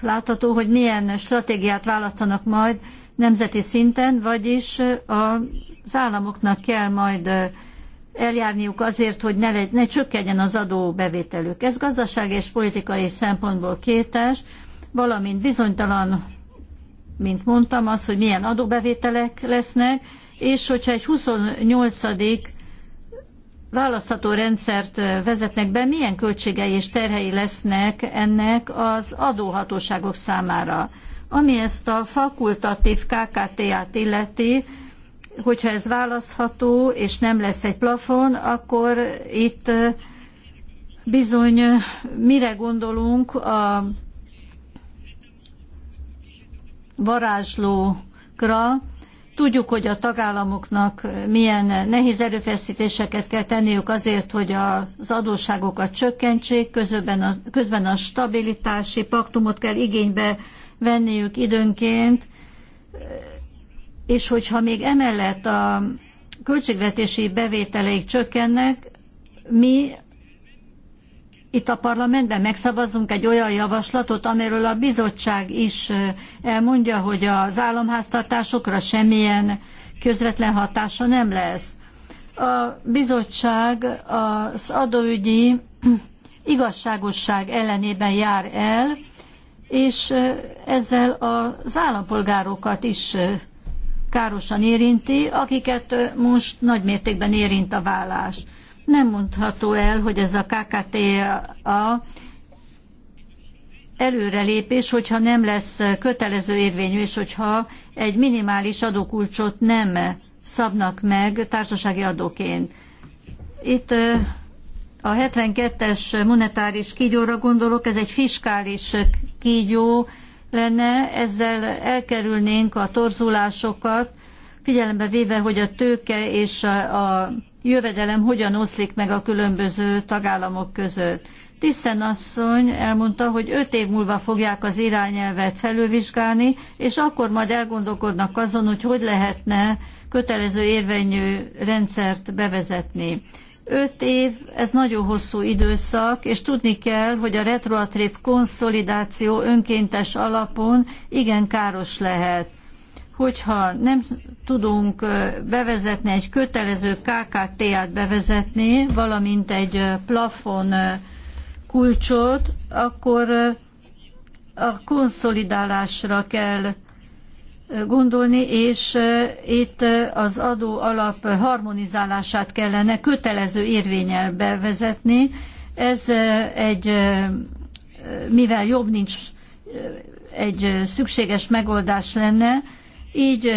látható, hogy milyen stratégiát választanak majd nemzeti szinten, vagyis az államoknak kell majd eljárniuk azért, hogy ne, le, ne csökkenjen az adóbevételük. Ez gazdasági és politikai szempontból kétes, valamint bizonytalan, mint mondtam, az, hogy milyen adóbevételek lesznek, és hogyha egy 28 választható rendszert vezetnek be, milyen költségei és terhei lesznek ennek az adóhatóságok számára. Ami ezt a fakultatív kkt t illeti, hogyha ez választható, és nem lesz egy plafon, akkor itt bizony mire gondolunk a varázslókra, Tudjuk, hogy a tagállamoknak milyen nehéz erőfeszítéseket kell tenniük azért, hogy az adósságokat csökkentsék, közben a, közben a stabilitási paktumot kell igénybe venniük időnként, és hogyha még emellett a költségvetési bevételeik csökkennek, mi itt a parlamentben megszavazunk egy olyan javaslatot, amiről a bizottság is elmondja, hogy az államháztartásokra semmilyen közvetlen hatása nem lesz. A bizottság az adóügyi igazságosság ellenében jár el, és ezzel az állampolgárokat is károsan érinti, akiket most nagy mértékben érint a vállás. Nem mondható el, hogy ez a KKTA előrelépés, hogyha nem lesz kötelező érvényű, és hogyha egy minimális adókulcsot nem szabnak meg társasági adóként. Itt a 72-es monetáris kígyóra gondolok, ez egy fiskális kígyó, lenne, ezzel elkerülnénk a torzulásokat, figyelembe véve, hogy a tőke és a jövedelem hogyan oszlik meg a különböző tagállamok között. Tiszen asszony elmondta, hogy öt év múlva fogják az irányelvet felülvizsgálni, és akkor majd elgondolkodnak azon, hogy hogy lehetne kötelező érvényű rendszert bevezetni. Öt év, ez nagyon hosszú időszak, és tudni kell, hogy a retroaktív konszolidáció önkéntes alapon igen káros lehet. Hogyha nem tudunk bevezetni egy kötelező KKT-át bevezetni, valamint egy plafon kulcsot, akkor a konszolidálásra kell gondolni, és itt az adó alap harmonizálását kellene kötelező érvényel bevezetni. Ez egy, mivel jobb nincs, egy szükséges megoldás lenne, így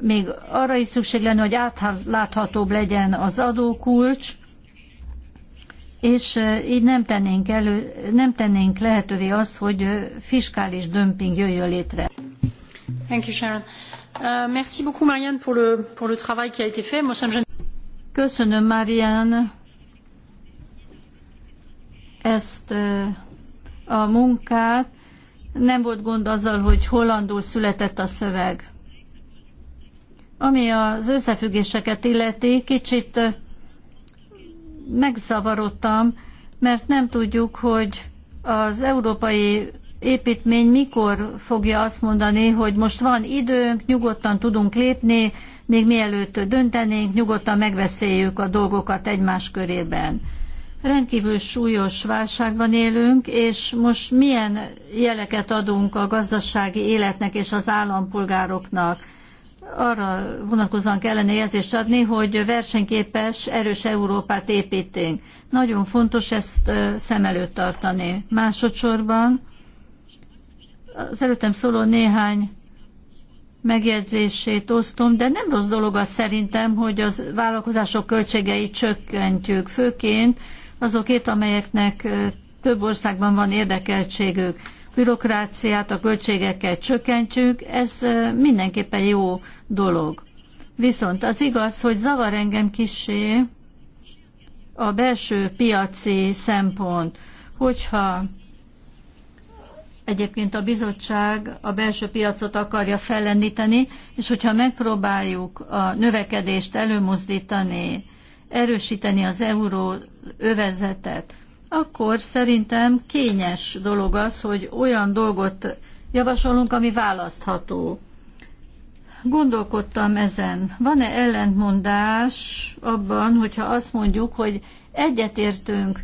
még arra is szükség lenne, hogy átláthatóbb legyen az adókulcs, és így nem tennénk, elő, nem tennénk lehetővé azt, hogy fiskális dömping jöjjön létre. Thank you, Sharon. Uh, merci beaucoup, Marianne, pour le, pour le travail qui a été fait. Moi, ça me... Köszönöm, Marianne, ezt euh, a munkát. Nem volt gond azzal, hogy hollandul született a szöveg. Ami az összefüggéseket illeti, kicsit euh, megzavarodtam, mert nem tudjuk, hogy az európai építmény mikor fogja azt mondani, hogy most van időnk, nyugodtan tudunk lépni, még mielőtt döntenénk, nyugodtan megbeszéljük a dolgokat egymás körében. Rendkívül súlyos válságban élünk, és most milyen jeleket adunk a gazdasági életnek és az állampolgároknak? Arra vonatkozóan kellene jelzést adni, hogy versenyképes, erős Európát építünk. Nagyon fontos ezt szem előtt tartani. Másodszorban az előttem szóló néhány megjegyzését osztom, de nem rossz dolog az szerintem, hogy az vállalkozások költségeit csökkentjük, főként azokét, amelyeknek több országban van érdekeltségük. Bürokráciát, a költségeket csökkentjük, ez mindenképpen jó dolog. Viszont az igaz, hogy zavar engem kisé a belső piaci szempont, hogyha Egyébként a bizottság a belső piacot akarja fellendíteni, és hogyha megpróbáljuk a növekedést előmozdítani, erősíteni az euró övezetet, akkor szerintem kényes dolog az, hogy olyan dolgot javasolunk, ami választható. Gondolkodtam ezen. Van-e ellentmondás abban, hogyha azt mondjuk, hogy egyetértünk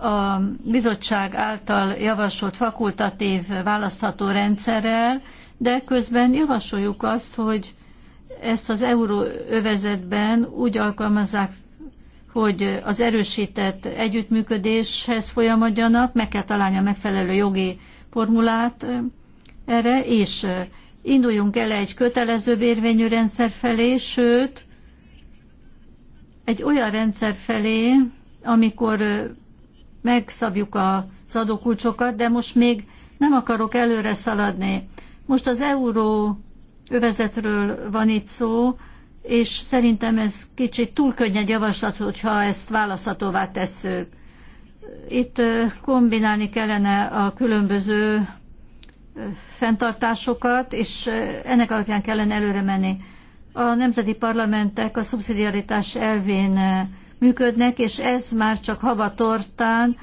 a bizottság által javasolt fakultatív választható rendszerrel, de közben javasoljuk azt, hogy ezt az euróövezetben úgy alkalmazzák, hogy az erősített együttműködéshez folyamodjanak, meg kell találni a megfelelő jogi formulát erre, és induljunk el egy kötelező érvényű rendszer felé, sőt, egy olyan rendszer felé, amikor megszabjuk az adókulcsokat, de most még nem akarok előre szaladni. Most az euró övezetről van itt szó, és szerintem ez kicsit túl könnyed javaslat, hogyha ezt választhatóvá tesszük. Itt kombinálni kellene a különböző fenntartásokat, és ennek alapján kellene előre menni. A nemzeti parlamentek a szubszidiaritás elvén működnek, és ez már csak hava tortán,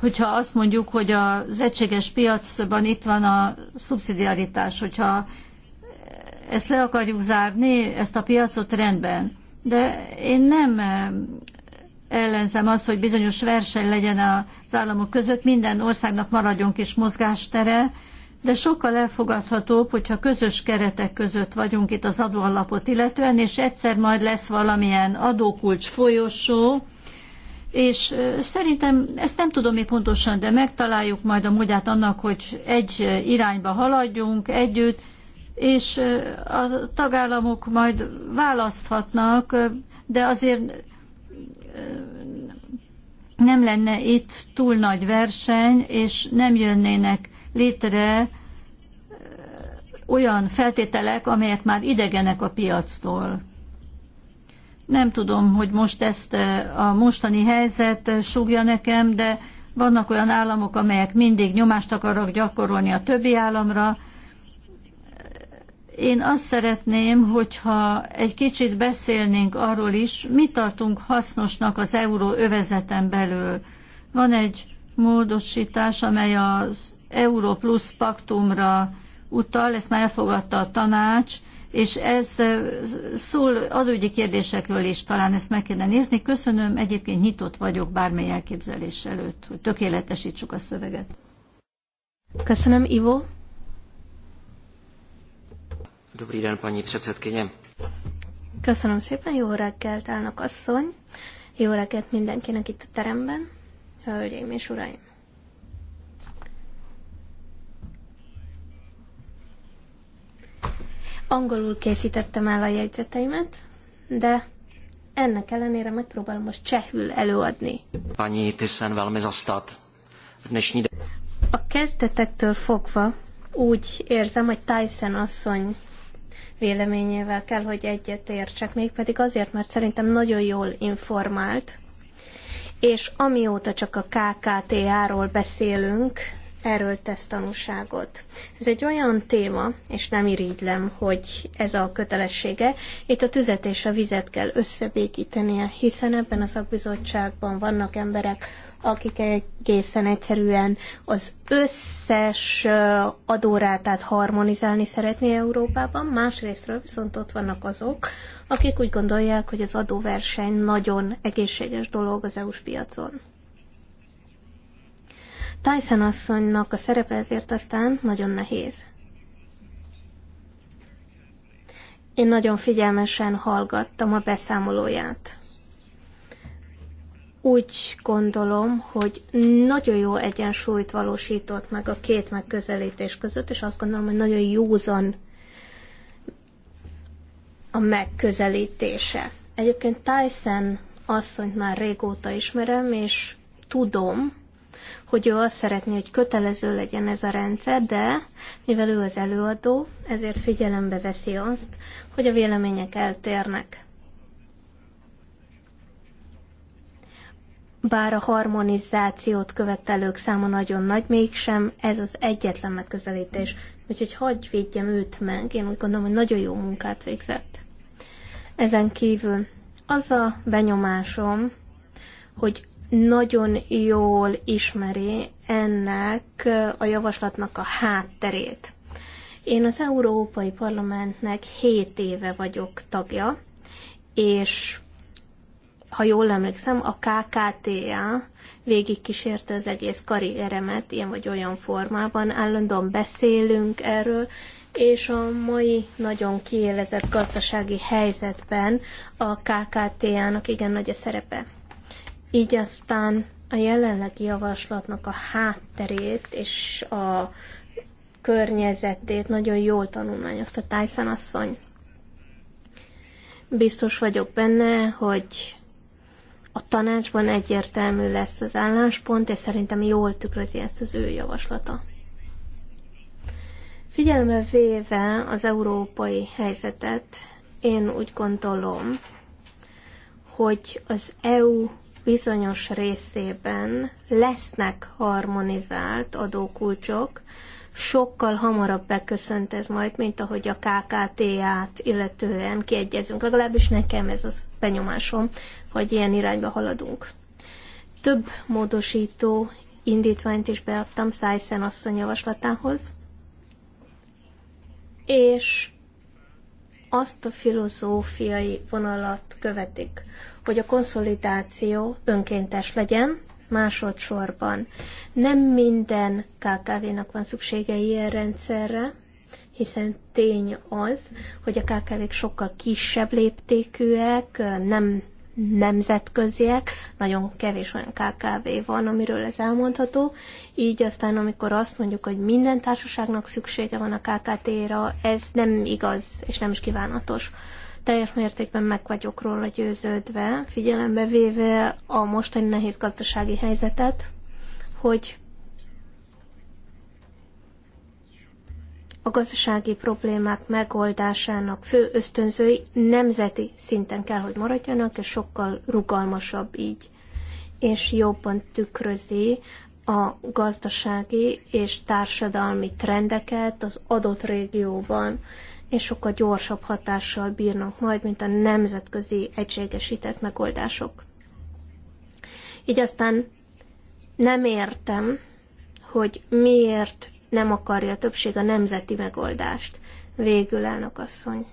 hogyha azt mondjuk, hogy az egységes piacban itt van a szubszidiaritás, hogyha ezt le akarjuk zárni, ezt a piacot rendben. De én nem ellenzem az, hogy bizonyos verseny legyen az államok között, minden országnak maradjon kis mozgástere, de sokkal elfogadhatóbb, hogyha közös keretek között vagyunk itt az adóalapot illetően, és egyszer majd lesz valamilyen adókulcs folyosó, és szerintem ezt nem tudom mi pontosan, de megtaláljuk majd a módját annak, hogy egy irányba haladjunk együtt, és a tagállamok majd választhatnak, de azért nem lenne itt túl nagy verseny, és nem jönnének létre olyan feltételek, amelyek már idegenek a piactól. Nem tudom, hogy most ezt a mostani helyzet súgja nekem, de vannak olyan államok, amelyek mindig nyomást akarok gyakorolni a többi államra. Én azt szeretném, hogyha egy kicsit beszélnénk arról is, mit tartunk hasznosnak az euró övezeten belül. Van egy módosítás, amely az Euró plusz paktumra utal, ezt már elfogadta a tanács, és ez szól adógyi kérdésekről is, talán ezt meg kéne nézni. Köszönöm, egyébként nyitott vagyok bármely elképzelés előtt, hogy tökéletesítsük a szöveget. Köszönöm, Ivo. Dobrý den, paní předsedkyně. Köszönöm szépen, jó reggelt, állnak asszony. Jó reggelt mindenkinek itt a teremben, hölgyeim és uraim. Angolul készítettem el a jegyzeteimet, de ennek ellenére megpróbálom most csehül előadni. Pani Tiszen velmi zastat. A kezdetektől fogva úgy érzem, hogy Tyson asszony véleményével kell, hogy egyet értsek, mégpedig azért, mert szerintem nagyon jól informált, és amióta csak a KKTA-ról beszélünk, erről tesz tanúságot. Ez egy olyan téma, és nem irigylem, hogy ez a kötelessége. Itt a tüzet és a vizet kell összebékítenie, hiszen ebben a szakbizottságban vannak emberek, akik egészen egyszerűen az összes adórátát harmonizálni szeretné Európában, másrésztről viszont ott vannak azok, akik úgy gondolják, hogy az adóverseny nagyon egészséges dolog az EU-s piacon. Tyson asszonynak a szerepe ezért aztán nagyon nehéz. Én nagyon figyelmesen hallgattam a beszámolóját. Úgy gondolom, hogy nagyon jó egyensúlyt valósított meg a két megközelítés között, és azt gondolom, hogy nagyon józan a megközelítése. Egyébként Tyson asszonyt már régóta ismerem, és tudom, hogy ő azt szeretné, hogy kötelező legyen ez a rendszer, de mivel ő az előadó, ezért figyelembe veszi azt, hogy a vélemények eltérnek. Bár a harmonizációt követelők száma nagyon nagy, mégsem ez az egyetlen megközelítés. Úgyhogy hagyj védjem őt meg, én úgy gondolom, hogy nagyon jó munkát végzett. Ezen kívül az a benyomásom, hogy nagyon jól ismeri ennek eh, a javaslatnak a hátterét. Én az Európai Parlamentnek 7 éve vagyok tagja, és ha jól emlékszem, a KKTA végigkísérte az egész karrieremet ilyen vagy olyan formában. Állandóan beszélünk erről, és a mai nagyon kiélezett gazdasági helyzetben a KKTA-nak igen nagy a szerepe. Így aztán a jelenlegi javaslatnak a hátterét és a környezetét nagyon jól tanulmányozta Tyson asszony. Biztos vagyok benne, hogy a tanácsban egyértelmű lesz az álláspont, és szerintem jól tükrözi ezt az ő javaslata. Figyelembe véve az európai helyzetet, én úgy gondolom, hogy az EU bizonyos részében lesznek harmonizált adókulcsok, sokkal hamarabb beköszönt ez majd, mint ahogy a KKT-ját illetően kiegyezünk. Legalábbis nekem ez az benyomásom, hogy ilyen irányba haladunk. Több módosító indítványt is beadtam Szájszen asszony javaslatához, és azt a filozófiai vonalat követik, hogy a konszolidáció önkéntes legyen, másodszorban. Nem minden KKV-nak van szüksége ilyen rendszerre, hiszen tény az, hogy a KKV-k sokkal kisebb léptékűek, nem nemzetköziek, nagyon kevés olyan KKV van, amiről ez elmondható, így aztán amikor azt mondjuk, hogy minden társaságnak szüksége van a KKT-ra, ez nem igaz és nem is kívánatos teljes mértékben meg vagyok róla győződve, figyelembe véve a mostani nehéz gazdasági helyzetet, hogy a gazdasági problémák megoldásának fő ösztönzői nemzeti szinten kell, hogy maradjanak, és sokkal rugalmasabb így, és jobban tükrözi a gazdasági és társadalmi trendeket az adott régióban és sokkal gyorsabb hatással bírnak majd, mint a nemzetközi egységesített megoldások. Így aztán nem értem, hogy miért nem akarja a többség a nemzeti megoldást. Végül elnök asszony.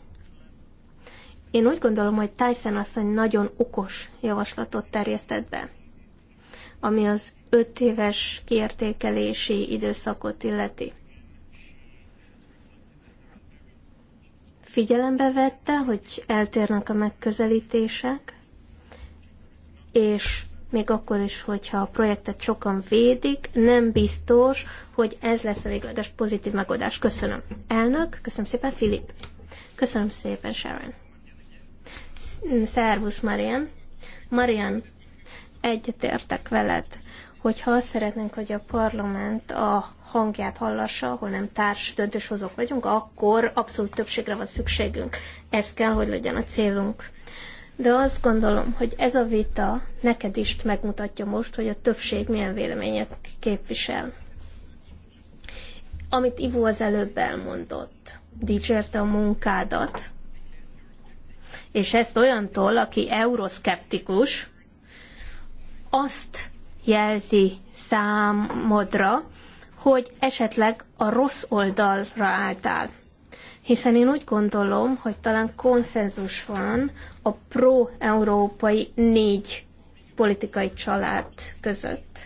Én úgy gondolom, hogy Tyson asszony nagyon okos javaslatot terjesztett be, ami az öt éves kiértékelési időszakot illeti. figyelembe vette, hogy eltérnek a megközelítések, és még akkor is, hogyha a projektet sokan védik, nem biztos, hogy ez lesz a végleges pozitív megoldás. Köszönöm. Elnök, köszönöm szépen, Filip. Köszönöm szépen, Sharon. Szervusz, Marian. Marian, egyetértek veled, hogyha azt szeretnénk, hogy a parlament a hangját hallassa, ahol nem társ döntéshozók vagyunk, akkor abszolút többségre van szükségünk. Ez kell, hogy legyen a célunk. De azt gondolom, hogy ez a vita neked is megmutatja most, hogy a többség milyen véleményet képvisel. Amit Ivo az előbb elmondott, dicsérte a munkádat, és ezt olyantól, aki euroszkeptikus, azt jelzi számodra, hogy esetleg a rossz oldalra álltál. Hiszen én úgy gondolom, hogy talán konszenzus van a pro-európai négy politikai család között.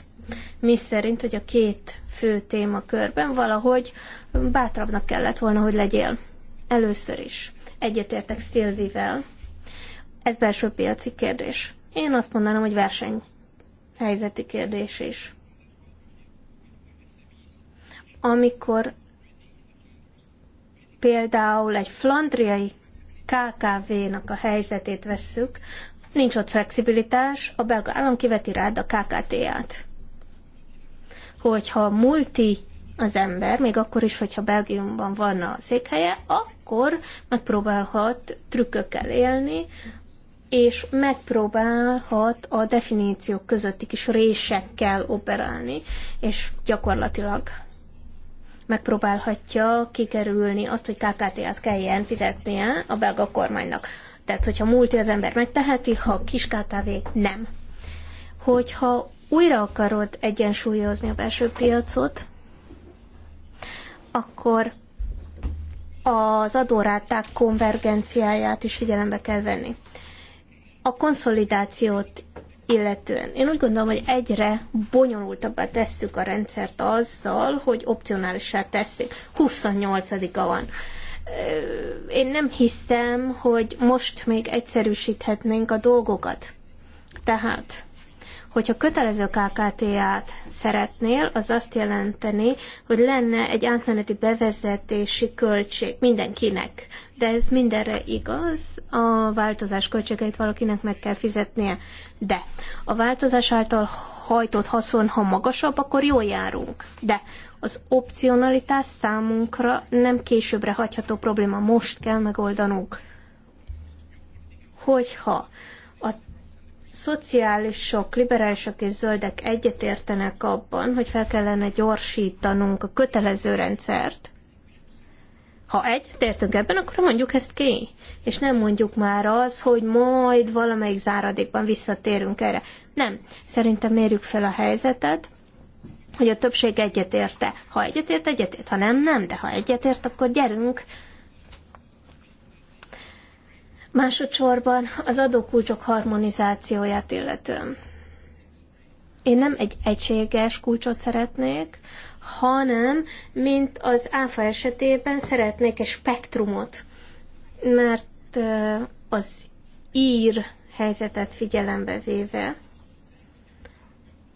Mi szerint, hogy a két fő témakörben valahogy bátrabbnak kellett volna, hogy legyél. Először is. Egyetértek Szilvivel. Ez belső piaci kérdés. Én azt mondanám, hogy verseny helyzeti kérdés is amikor például egy flandriai KKV-nak a helyzetét vesszük, nincs ott flexibilitás, a belga állam kiveti rád a KKT-ját. Hogyha multi az ember, még akkor is, hogyha Belgiumban van a székhelye, akkor megpróbálhat trükkökkel élni, és megpróbálhat a definíciók közötti kis résekkel operálni, és gyakorlatilag megpróbálhatja kikerülni azt, hogy KKT-át kelljen fizetnie a belga kormánynak. Tehát, hogyha múlti az ember megteheti, ha kis KKV nem. Hogyha újra akarod egyensúlyozni a belső piacot, akkor az adóráták konvergenciáját is figyelembe kell venni. A konszolidációt illetően. Én úgy gondolom, hogy egyre bonyolultabbá tesszük a rendszert azzal, hogy opcionálisá tesszük. 28-a van. Én nem hiszem, hogy most még egyszerűsíthetnénk a dolgokat. Tehát Hogyha kötelező KKT-át szeretnél, az azt jelenteni, hogy lenne egy átmeneti bevezetési költség mindenkinek. De ez mindenre igaz, a változás költségeit valakinek meg kell fizetnie. De a változás által hajtott haszon, ha magasabb, akkor jól járunk. De az opcionalitás számunkra nem későbbre hagyható probléma, most kell megoldanunk. Hogyha szociálisok, liberálisok és zöldek egyetértenek abban, hogy fel kellene gyorsítanunk a kötelező rendszert. Ha egyetértünk ebben, akkor mondjuk ezt ki. És nem mondjuk már az, hogy majd valamelyik záradékban visszatérünk erre. Nem. Szerintem mérjük fel a helyzetet, hogy a többség egyetérte. Ha egyetért, egyetért. Ha nem, nem. De ha egyetért, akkor gyerünk, Másodszorban az adókulcsok harmonizációját illetően. Én nem egy egységes kulcsot szeretnék, hanem, mint az áfa esetében szeretnék egy spektrumot, mert az ír helyzetet figyelembe véve,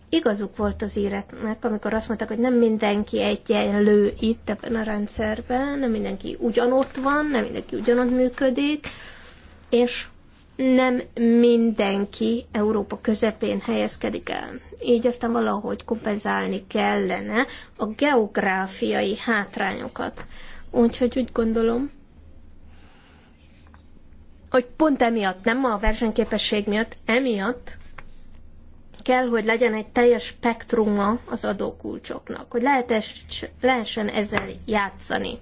igazuk volt az íretnek, amikor azt mondták, hogy nem mindenki egyenlő itt ebben a rendszerben, nem mindenki ugyanott van, nem mindenki ugyanott működik, és nem mindenki Európa közepén helyezkedik el. Így aztán valahogy kompenzálni kellene a geográfiai hátrányokat. Úgyhogy úgy gondolom, hogy pont emiatt, nem a versenyképesség miatt, emiatt kell, hogy legyen egy teljes spektruma az adókulcsoknak, hogy lehetes, lehessen ezzel játszani.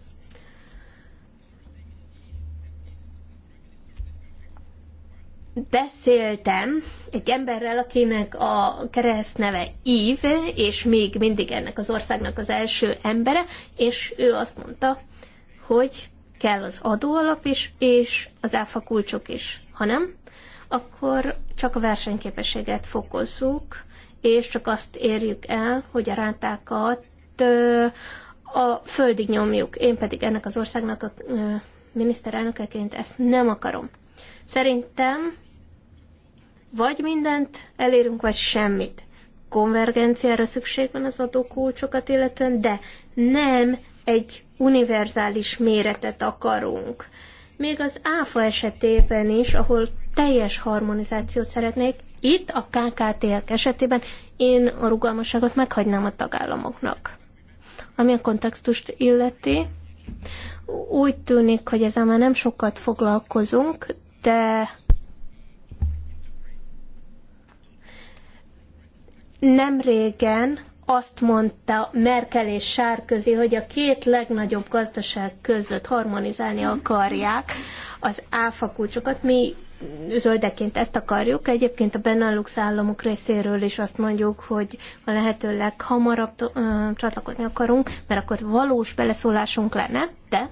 beszéltem egy emberrel, akinek a keresztneve Ív, és még mindig ennek az országnak az első embere, és ő azt mondta, hogy kell az adóalap is, és az áfa kulcsok is. Ha nem, akkor csak a versenyképességet fokozzuk, és csak azt érjük el, hogy a rátákat a földig nyomjuk. Én pedig ennek az országnak a miniszterelnökeként ezt nem akarom. Szerintem vagy mindent elérünk, vagy semmit. Konvergenciára szükség van az adókulcsokat illetően, de nem egy univerzális méretet akarunk. Még az ÁFA esetében is, ahol teljes harmonizációt szeretnék, itt a kkt esetében én a rugalmasságot meghagynám a tagállamoknak. Ami a kontextust illeti, úgy tűnik, hogy ezzel már nem sokat foglalkozunk, de nem régen azt mondta Merkel és Sárközi, hogy a két legnagyobb gazdaság között harmonizálni akarják az áfa kulcsokat. Mi zöldeként ezt akarjuk. Egyébként a Benelux államok részéről is azt mondjuk, hogy a lehető leghamarabb ö, csatlakozni akarunk, mert akkor valós beleszólásunk lenne, de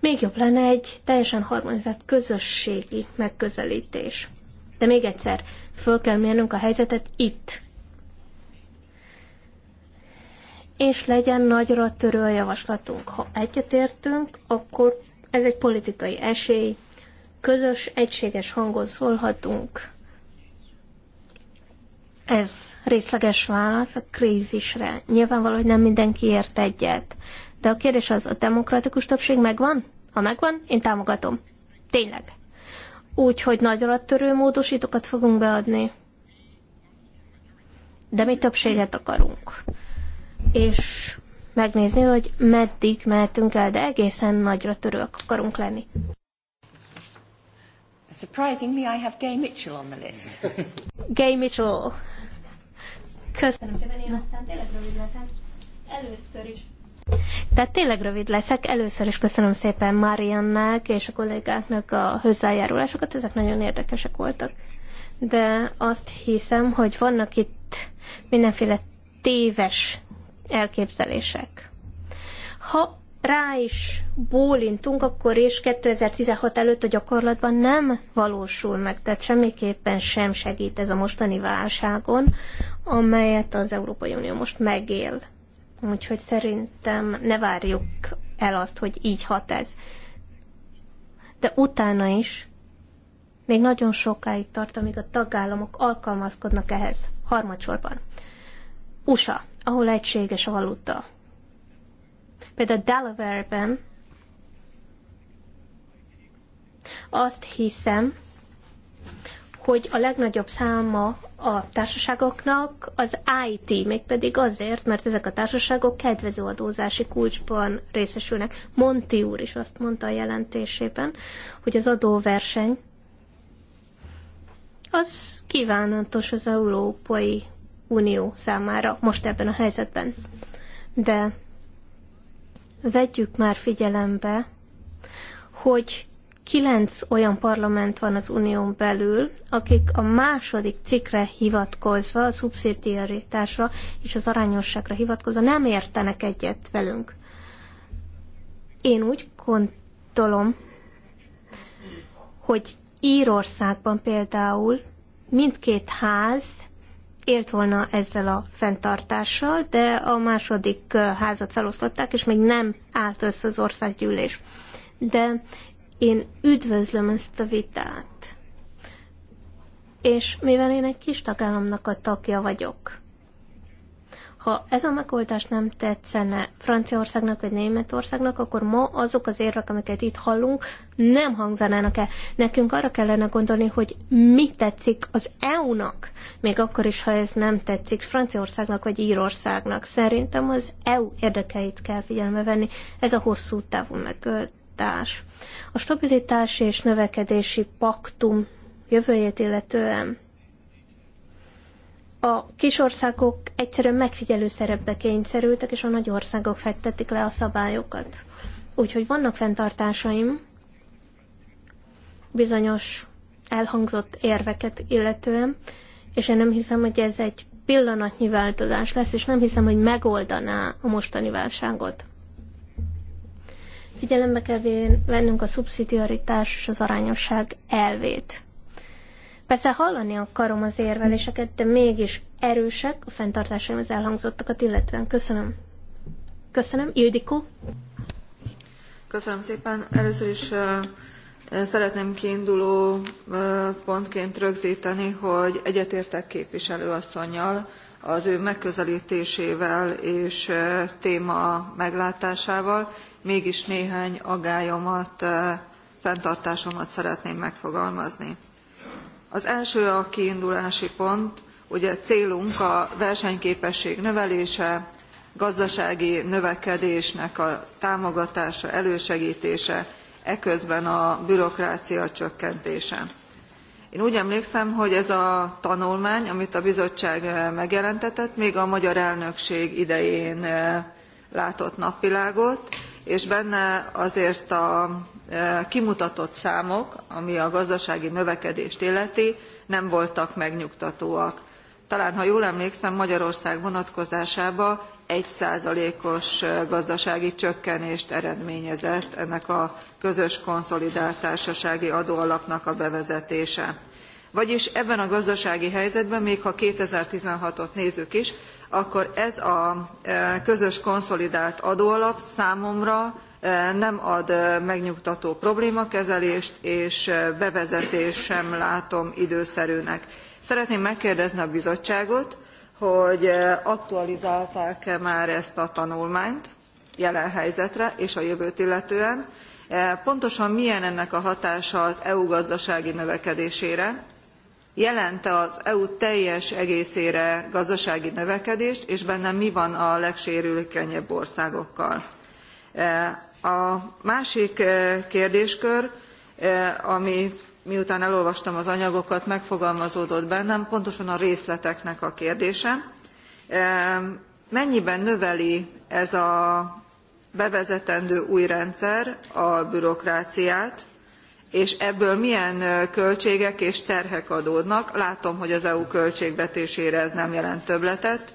még jobb lenne egy teljesen harmonizált közösségi megközelítés. De még egyszer, föl kell mérnünk a helyzetet itt. És legyen nagyra törő a javaslatunk. Ha egyetértünk, akkor ez egy politikai esély, közös, egységes hangon szólhatunk. Ez részleges válasz a krízisre. Nyilvánvaló, hogy nem mindenki ért egyet. De a kérdés az, a demokratikus többség megvan? Ha megvan, én támogatom. Tényleg úgyhogy nagy alattörő módosítókat fogunk beadni. De mi többséget akarunk. És megnézni, hogy meddig mehetünk el, de egészen nagyra törőek akarunk lenni. Surprisingly, I have Gay Mitchell on the list. Gay Mitchell. Köszönöm szépen, én aztán tényleg rövid leszek. Először is tehát tényleg rövid leszek. Először is köszönöm szépen Mariannak és a kollégáknak a hozzájárulásokat, ezek nagyon érdekesek voltak. De azt hiszem, hogy vannak itt mindenféle téves elképzelések. Ha rá is bólintunk, akkor is 2016 előtt a gyakorlatban nem valósul meg, tehát semmiképpen sem segít ez a mostani válságon, amelyet az Európai Unió most megél. Úgyhogy szerintem ne várjuk el azt, hogy így hat ez. De utána is még nagyon sokáig tart, amíg a tagállamok alkalmazkodnak ehhez. Harmadsorban. USA, ahol egységes a valuta. Például Delaware-ben azt hiszem, hogy a legnagyobb száma a társaságoknak az IT, mégpedig azért, mert ezek a társaságok kedvező adózási kulcsban részesülnek. Monti úr is azt mondta a jelentésében, hogy az adóverseny az kívánatos az Európai Unió számára most ebben a helyzetben. De vegyük már figyelembe, hogy Kilenc olyan parlament van az unión belül, akik a második cikkre hivatkozva, a szubszidiaritásra és az arányosságra hivatkozva nem értenek egyet velünk. Én úgy gondolom, hogy Írországban például mindkét ház élt volna ezzel a fenntartással, de a második házat felosztották, és még nem állt össze az országgyűlés. De én üdvözlöm ezt a vitát. És mivel én egy kis tagállamnak a tagja vagyok, ha ez a megoldás nem tetszene Franciaországnak vagy Németországnak, akkor ma azok az érvek, amiket itt hallunk, nem hangzanának el. Nekünk arra kellene gondolni, hogy mi tetszik az EU-nak, még akkor is, ha ez nem tetszik Franciaországnak vagy Írországnak. Szerintem az EU érdekeit kell figyelme venni. Ez a hosszú távú stabilitás. A stabilitás és növekedési paktum jövőjét illetően a kis országok egyszerűen megfigyelő szerepbe kényszerültek, és a nagy országok fektetik le a szabályokat. Úgyhogy vannak fenntartásaim bizonyos elhangzott érveket illetően, és én nem hiszem, hogy ez egy pillanatnyi változás lesz, és nem hiszem, hogy megoldaná a mostani válságot. Figyelembe kell vennünk a szubszidiaritás és az arányosság elvét. Persze hallani akarom az érveléseket, de mégis erősek a fenntartásaim az elhangzottakat illetően. Köszönöm. Köszönöm. Ildikó? Köszönöm szépen. Először is szeretném kiinduló pontként rögzíteni, hogy egyetértek képviselőasszonynal, az ő megközelítésével és téma meglátásával, mégis néhány agályomat, fenntartásomat szeretném megfogalmazni. Az első a kiindulási pont, ugye célunk a versenyképesség növelése, gazdasági növekedésnek a támogatása, elősegítése, eközben a bürokrácia csökkentése én úgy emlékszem hogy ez a tanulmány amit a bizottság eh, megjelentetett még a magyar elnökség idején eh, látott napvilágot és benne azért a eh, kimutatott számok ami a gazdasági növekedést illeti nem voltak megnyugtatóak. talán ha jól emlékszem magyarország vonatkozásában one os gazdasági csökkenést eredményezett ennek a közös konszolidált társasági adóalapnak a bevezetése. vagyis ebben a gazdasági helyzetben még ha two thousand and sixteen ot nézzük is akkor ez a e, közös konszolidált adóalap számomra e, nem ad e, megnyugtató problémakezelést és bevezetést sem látom időszerűnek. szeretném megkérdezni a bizottságot hogy aktualizálták e már ezt a tanulmányt jelen helyzetre és a jövőt illetően E, pontosan milyen ennek a hatása az eu gazdasági növekedésére jelent e az eu teljes egészére gazdasági növekedést és benne mi van a legsérülékenyebb országokkal? E, a másik e, kérdéskör ami miután elolvastam az anyagokat megfogalmazódott bennem pontosan a részleteknek a kérdése mennyiben növeli ez a bevezetendő új rendszer a bürokráciát és ebből milyen költségek és terhek adódnak látom hogy az eu költségvetésére ez nem jelent többletet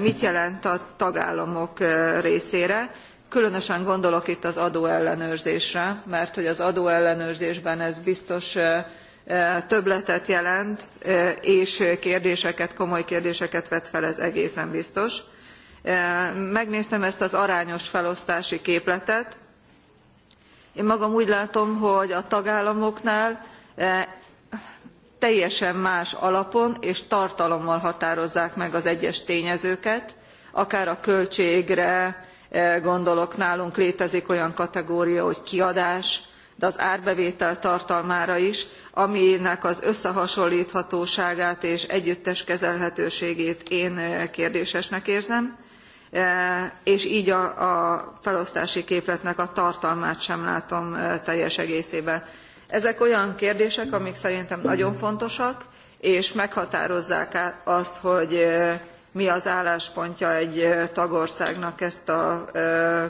mit jelent a tagállamok részére különösen gondolok itt az adóellenőrzésre mert hogy az adóellenőrzésben ez biztos többletet jelent és kérdéseket komoly kérdéseket vet fel ez egészen biztos megnéztem ezt az arányos felosztási képletet én magam úgy látom hogy a tagállamoknál teljesen más alapon és tartalommal határozzák meg az egyes tényezőket akár a költségre gondolok nálunk létezik olyan kategória hogy kiadás de az árbevétel tartalmára is aminek az összehasonlthatóságát és együttes kezelhetőségét én kérdésesnek érzem E, és gy a, a felosztási képletnek a tartalmát sem látom e, teljes egészében. ezek olyan kérdések amik szerintem nagyon fontosak és meghatározzák azt hogy e, mi az álláspontja egy tagországnak ezt a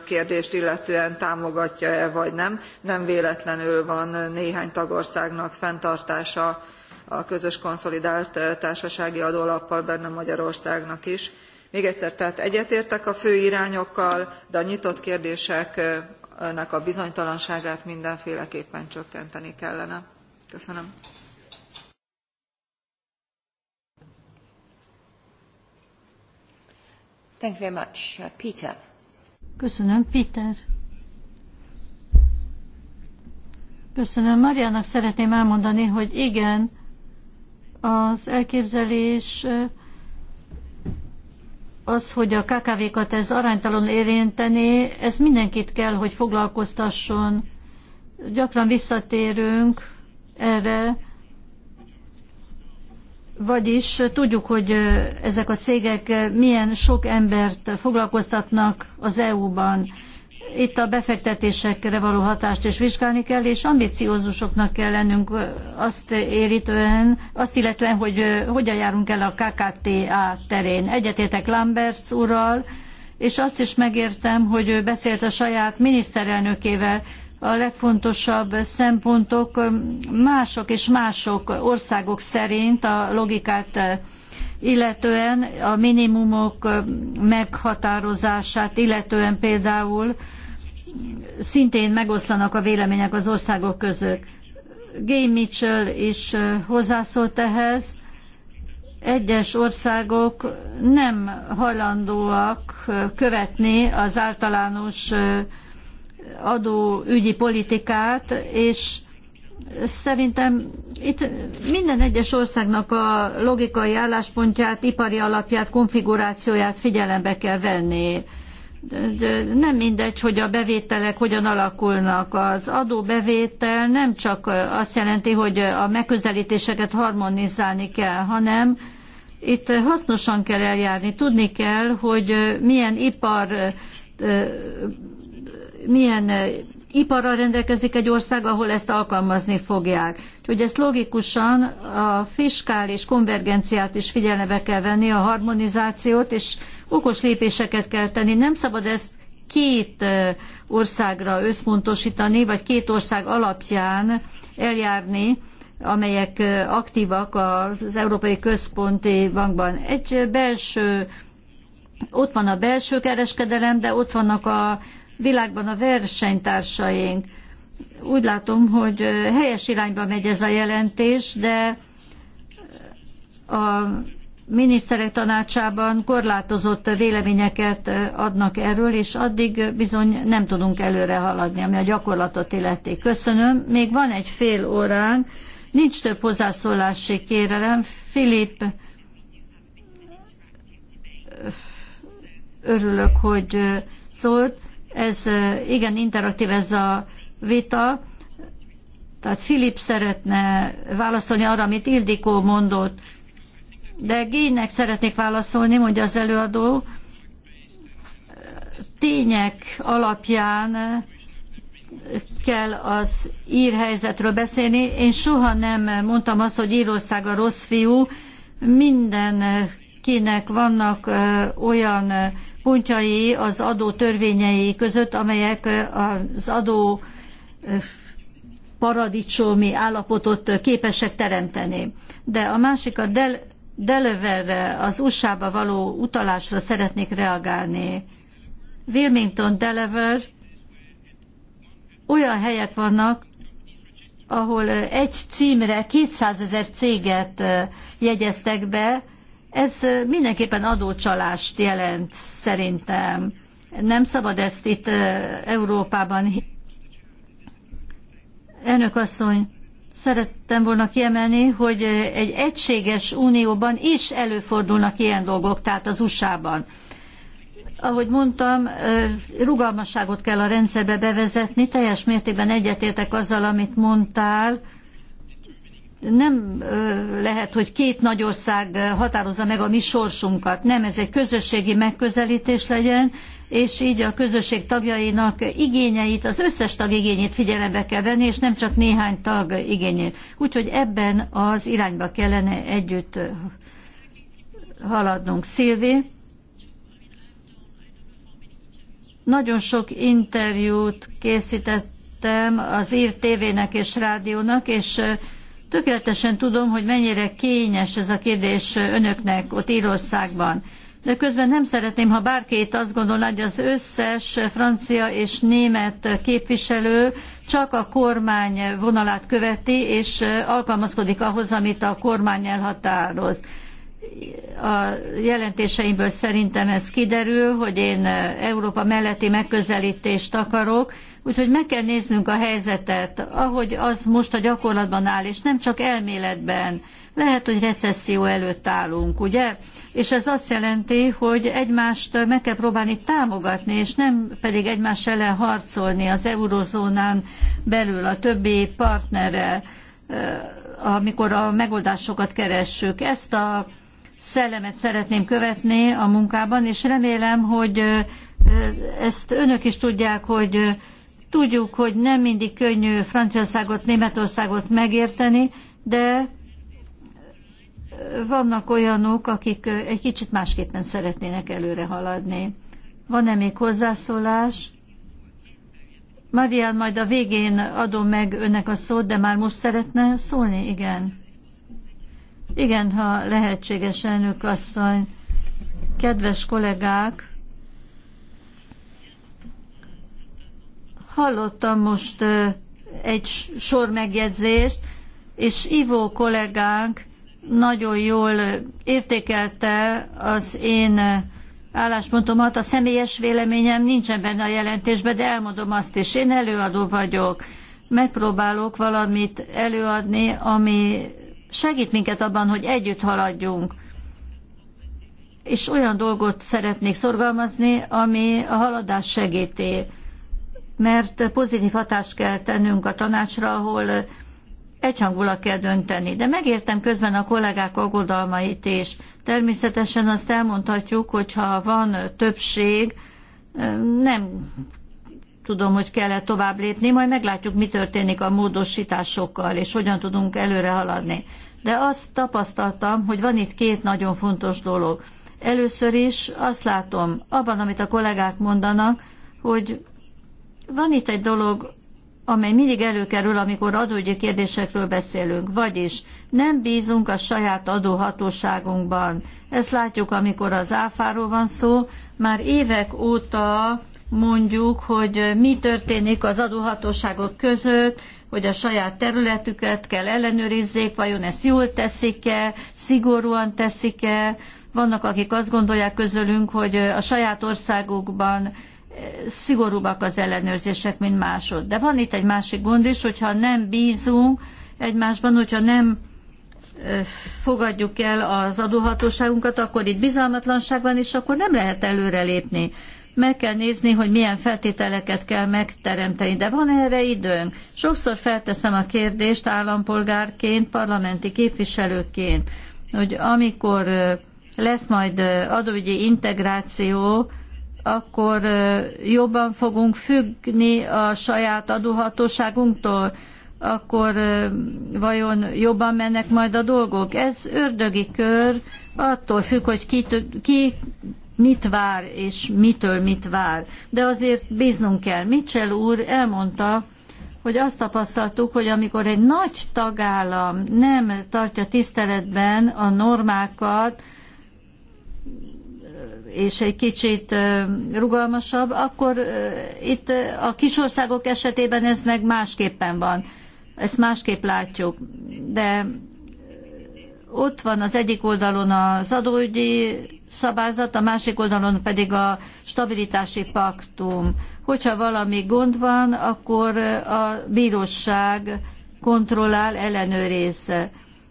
kérdést illetően támogatja e vagy nem. nem véletlenül van néhány tagországnak fenntartása a közös konszolidált társasági adóalappal benne magyarországnak is még egyszer tehát egyetértek a fő irányokkal de a nyitott kérdéseknek a bizonytalanságát mindenféleképpen csökkenteni kellene. köszönöm. Thank you very much. Uh, Peter. Köszönöm, Peter. Köszönöm. Mariának szeretném elmondani, hogy igen, az elképzelés az, hogy a KKV-kat ez aránytalan érinteni, ez mindenkit kell, hogy foglalkoztasson. Gyakran visszatérünk erre, vagyis tudjuk, hogy ezek a cégek milyen sok embert foglalkoztatnak az EU-ban itt a befektetésekre való hatást is vizsgálni kell, és ambiciózusoknak kell lennünk azt, érítően, azt illetően, hogy hogyan járunk el a KKTA terén. Egyetértek Lamberts úrral, és azt is megértem, hogy ő beszélt a saját miniszterelnökével, a legfontosabb szempontok mások és mások országok szerint a logikát illetően a minimumok meghatározását, illetően például szintén megoszlanak a vélemények az országok között. Gay Mitchell is hozzászólt ehhez. Egyes országok nem hajlandóak követni az általános adóügyi politikát, és szerintem itt minden egyes országnak a logikai álláspontját, ipari alapját, konfigurációját figyelembe kell venni nem mindegy, hogy a bevételek hogyan alakulnak. Az adóbevétel nem csak azt jelenti, hogy a megközelítéseket harmonizálni kell, hanem itt hasznosan kell eljárni. Tudni kell, hogy milyen ipar, milyen iparral rendelkezik egy ország, ahol ezt alkalmazni fogják. Úgyhogy ezt logikusan a fiskális konvergenciát is figyelembe kell venni, a harmonizációt, és okos lépéseket kell tenni. Nem szabad ezt két országra összpontosítani, vagy két ország alapján eljárni, amelyek aktívak az Európai Központi Bankban. Egy belső, ott van a belső kereskedelem, de ott vannak a világban a versenytársaink. Úgy látom, hogy helyes irányba megy ez a jelentés, de a miniszterek tanácsában korlátozott véleményeket adnak erről, és addig bizony nem tudunk előre haladni, ami a gyakorlatot illeti. Köszönöm. Még van egy fél óránk, nincs több hozzászólási kérelem. Filip, örülök, hogy szólt. Ez igen interaktív ez a vita. Tehát Filip szeretne válaszolni arra, amit Ildikó mondott. De Gének szeretnék válaszolni, mondja az előadó. Tények alapján kell az ír helyzetről beszélni. Én soha nem mondtam azt, hogy Írország a rossz fiú. Mindenkinek vannak olyan pontjai az adó törvényei között, amelyek az adó paradicsomi állapotot képesek teremteni. De a másik a Del Deleverre, az USA-ba való utalásra szeretnék reagálni. Wilmington Delaware olyan helyek vannak, ahol egy címre 200 ezer céget jegyeztek be, ez mindenképpen adócsalást jelent szerintem. Nem szabad ezt itt Európában. Elnök asszony, szerettem volna kiemelni, hogy egy egységes unióban is előfordulnak ilyen dolgok, tehát az USA-ban. Ahogy mondtam, rugalmasságot kell a rendszerbe bevezetni, teljes mértékben egyetértek azzal, amit mondtál, nem lehet, hogy két nagy ország határozza meg a mi sorsunkat. Nem, ez egy közösségi megközelítés legyen, és így a közösség tagjainak igényeit, az összes tag igényét figyelembe kell venni, és nem csak néhány tag igényét. Úgyhogy ebben az irányba kellene együtt haladnunk. Szilvi, nagyon sok interjút készítettem az ír tévének és rádiónak, és Tökéletesen tudom, hogy mennyire kényes ez a kérdés önöknek ott Írországban. De közben nem szeretném, ha bárkét azt gondolná, hogy az összes francia és német képviselő csak a kormány vonalát követi, és alkalmazkodik ahhoz, amit a kormány elhatároz a jelentéseimből szerintem ez kiderül, hogy én Európa melletti megközelítést akarok, úgyhogy meg kell néznünk a helyzetet, ahogy az most a gyakorlatban áll, és nem csak elméletben. Lehet, hogy recesszió előtt állunk, ugye? És ez azt jelenti, hogy egymást meg kell próbálni támogatni, és nem pedig egymás ellen harcolni az eurozónán belül a többi partnerrel amikor a megoldásokat keressük. Ezt a szellemet szeretném követni a munkában, és remélem, hogy ezt önök is tudják, hogy tudjuk, hogy nem mindig könnyű Franciaországot, Németországot megérteni, de vannak olyanok, akik egy kicsit másképpen szeretnének előre haladni. Van-e még hozzászólás? Marian, majd a végén adom meg önnek a szót, de már most szeretne szólni? Igen. Igen, ha lehetséges, elnök asszony, kedves kollégák, hallottam most egy sor megjegyzést, és Ivó kollégánk nagyon jól értékelte az én álláspontomat. A személyes véleményem nincsen benne a jelentésben, de elmondom azt is. Én előadó vagyok. Megpróbálok valamit előadni, ami segít minket abban, hogy együtt haladjunk. És olyan dolgot szeretnék szorgalmazni, ami a haladás segíti. Mert pozitív hatást kell tennünk a tanácsra, ahol egyhangulak kell dönteni. De megértem közben a kollégák aggodalmait is. Természetesen azt elmondhatjuk, hogy ha van többség, nem tudom, hogy kell-e tovább lépni, majd meglátjuk, mi történik a módosításokkal, és hogyan tudunk előre haladni. De azt tapasztaltam, hogy van itt két nagyon fontos dolog. Először is azt látom, abban, amit a kollégák mondanak, hogy van itt egy dolog, amely mindig előkerül, amikor adógyi kérdésekről beszélünk, vagyis nem bízunk a saját adóhatóságunkban. Ezt látjuk, amikor az áfáról van szó, már évek óta mondjuk, hogy mi történik az adóhatóságok között, hogy a saját területüket kell ellenőrizzék, vajon ezt jól teszik-e, szigorúan teszik-e. Vannak, akik azt gondolják közülünk, hogy a saját országukban eh, szigorúbbak az ellenőrzések, mint másod. De van itt egy másik gond is, hogyha nem bízunk egymásban, hogyha nem eh, fogadjuk el az adóhatóságunkat, akkor itt bizalmatlanság van, és akkor nem lehet előrelépni meg kell nézni, hogy milyen feltételeket kell megteremteni. De van erre időnk? Sokszor felteszem a kérdést állampolgárként, parlamenti képviselőként, hogy amikor lesz majd adóügyi integráció, akkor jobban fogunk függni a saját adóhatóságunktól, akkor vajon jobban mennek majd a dolgok? Ez ördögi kör, attól függ, hogy ki, ki mit vár és mitől mit vár. De azért bíznunk kell. Mitchell úr elmondta, hogy azt tapasztaltuk, hogy amikor egy nagy tagállam nem tartja tiszteletben a normákat, és egy kicsit rugalmasabb, akkor itt a kisországok esetében ez meg másképpen van. Ezt másképp látjuk. De ott van az egyik oldalon az adóügyi szabályzat, a másik oldalon pedig a stabilitási paktum. Hogyha valami gond van, akkor a bíróság kontrollál, ellenőriz.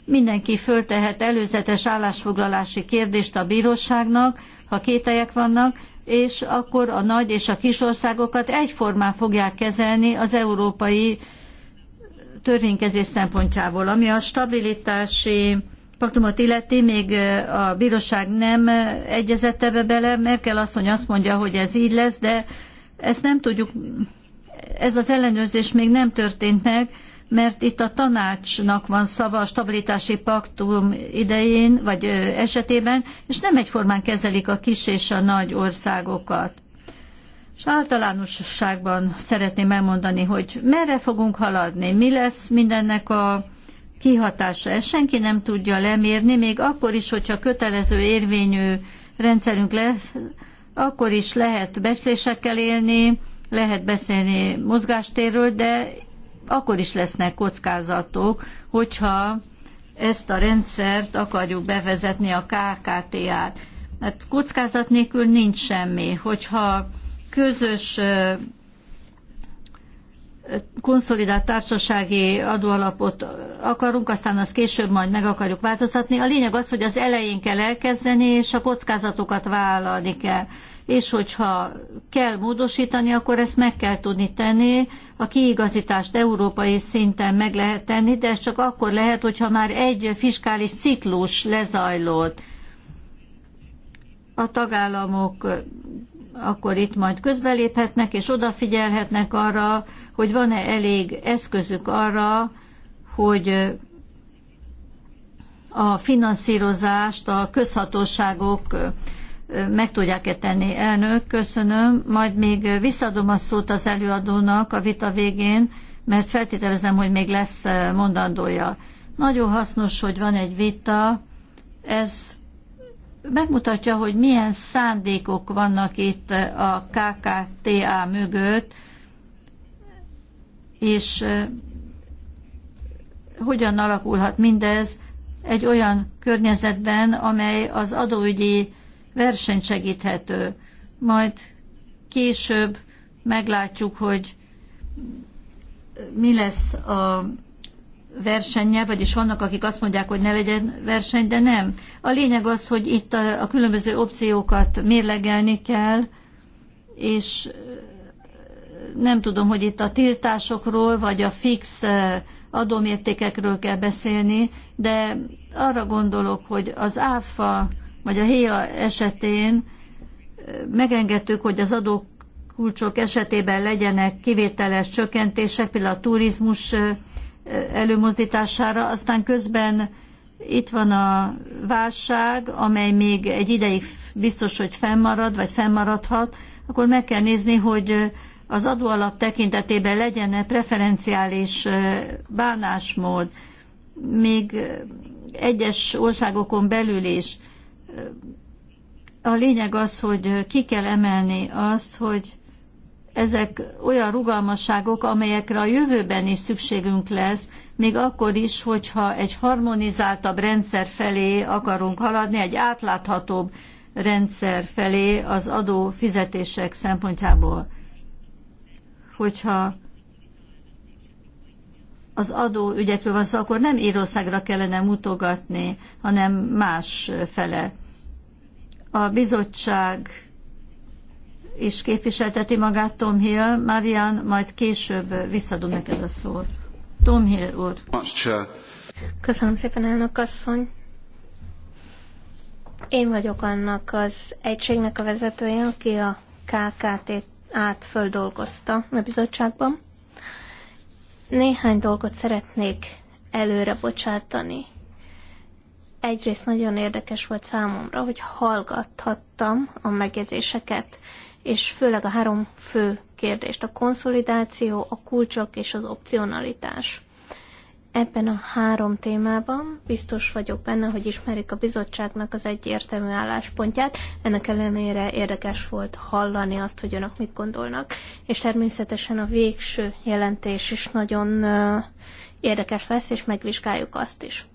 Mindenki föltehet előzetes állásfoglalási kérdést a bíróságnak, ha kételyek vannak, és akkor a nagy és a kis országokat egyformán fogják kezelni az európai törvénykezés szempontjából, ami a stabilitási paktumot illeti, még a bíróság nem egyezett ebbe bele. Merkel asszony azt mondja, hogy ez így lesz, de ezt nem tudjuk, ez az ellenőrzés még nem történt meg, mert itt a tanácsnak van szava a stabilitási paktum idején, vagy esetében, és nem egyformán kezelik a kis és a nagy országokat. És általánosságban szeretném elmondani, hogy merre fogunk haladni, mi lesz mindennek a kihatása. Ezt senki nem tudja lemérni, még akkor is, hogyha kötelező érvényű rendszerünk lesz, akkor is lehet becslésekkel élni, lehet beszélni mozgástérről, de akkor is lesznek kockázatok, hogyha ezt a rendszert akarjuk bevezetni a KKT-át. Hát kockázat nélkül nincs semmi. Hogyha közös konszolidált társasági adóalapot akarunk, aztán azt később majd meg akarjuk változtatni. A lényeg az, hogy az elején kell elkezdeni, és a kockázatokat vállalni kell. És hogyha kell módosítani, akkor ezt meg kell tudni tenni. A kiigazítást európai szinten meg lehet tenni, de ez csak akkor lehet, hogyha már egy fiskális ciklus lezajlott. A tagállamok akkor itt majd közbeléphetnek és odafigyelhetnek arra, hogy van-e elég eszközük arra, hogy a finanszírozást a közhatóságok meg tudják-e tenni. Elnök, köszönöm. Majd még visszadom a szót az előadónak a vita végén, mert feltételezem, hogy még lesz mondandója. Nagyon hasznos, hogy van egy vita. Ez megmutatja, hogy milyen szándékok vannak itt a KKTA mögött, és hogyan alakulhat mindez egy olyan környezetben, amely az adóügyi verseny segíthető. Majd később meglátjuk, hogy mi lesz a versennyel, vagyis vannak, akik azt mondják, hogy ne legyen verseny, de nem. A lényeg az, hogy itt a, a különböző opciókat mérlegelni kell, és nem tudom, hogy itt a tiltásokról, vagy a fix adómértékekről kell beszélni, de arra gondolok, hogy az áfa vagy a HIA e esetén megengedtük, hogy az adókulcsok esetében legyenek kivételes csökkentések, például a turizmus előmozdítására, aztán közben itt van a válság, amely még egy ideig biztos, hogy fennmarad, vagy fennmaradhat, akkor meg kell nézni, hogy az adóalap tekintetében legyen-e preferenciális bánásmód, még egyes országokon belül is. A lényeg az, hogy ki kell emelni azt, hogy ezek olyan rugalmasságok, amelyekre a jövőben is szükségünk lesz, még akkor is, hogyha egy harmonizáltabb rendszer felé akarunk haladni, egy átláthatóbb rendszer felé az adó fizetések szempontjából. Hogyha az adó ügyekről van szó, akkor nem Írországra kellene mutogatni, hanem más fele. A bizottság is képviselteti magát Tom Hill. Marian, majd később visszadom neked a szót. Tom Hill úr. Köszönöm szépen, elnök asszony. Én vagyok annak az egységnek a vezetője, aki a KKT-át földolgozta a bizottságban. Néhány dolgot szeretnék előre bocsátani. Egyrészt nagyon érdekes volt számomra, hogy hallgathattam a megjegyzéseket, és főleg a három fő kérdést, a konszolidáció, a kulcsok és az opcionalitás. Ebben a három témában biztos vagyok benne, hogy ismerik a bizottságnak az egyértelmű álláspontját. Ennek ellenére érdekes volt hallani azt, hogy önök mit gondolnak. És természetesen a végső jelentés is nagyon érdekes lesz, és megvizsgáljuk azt is.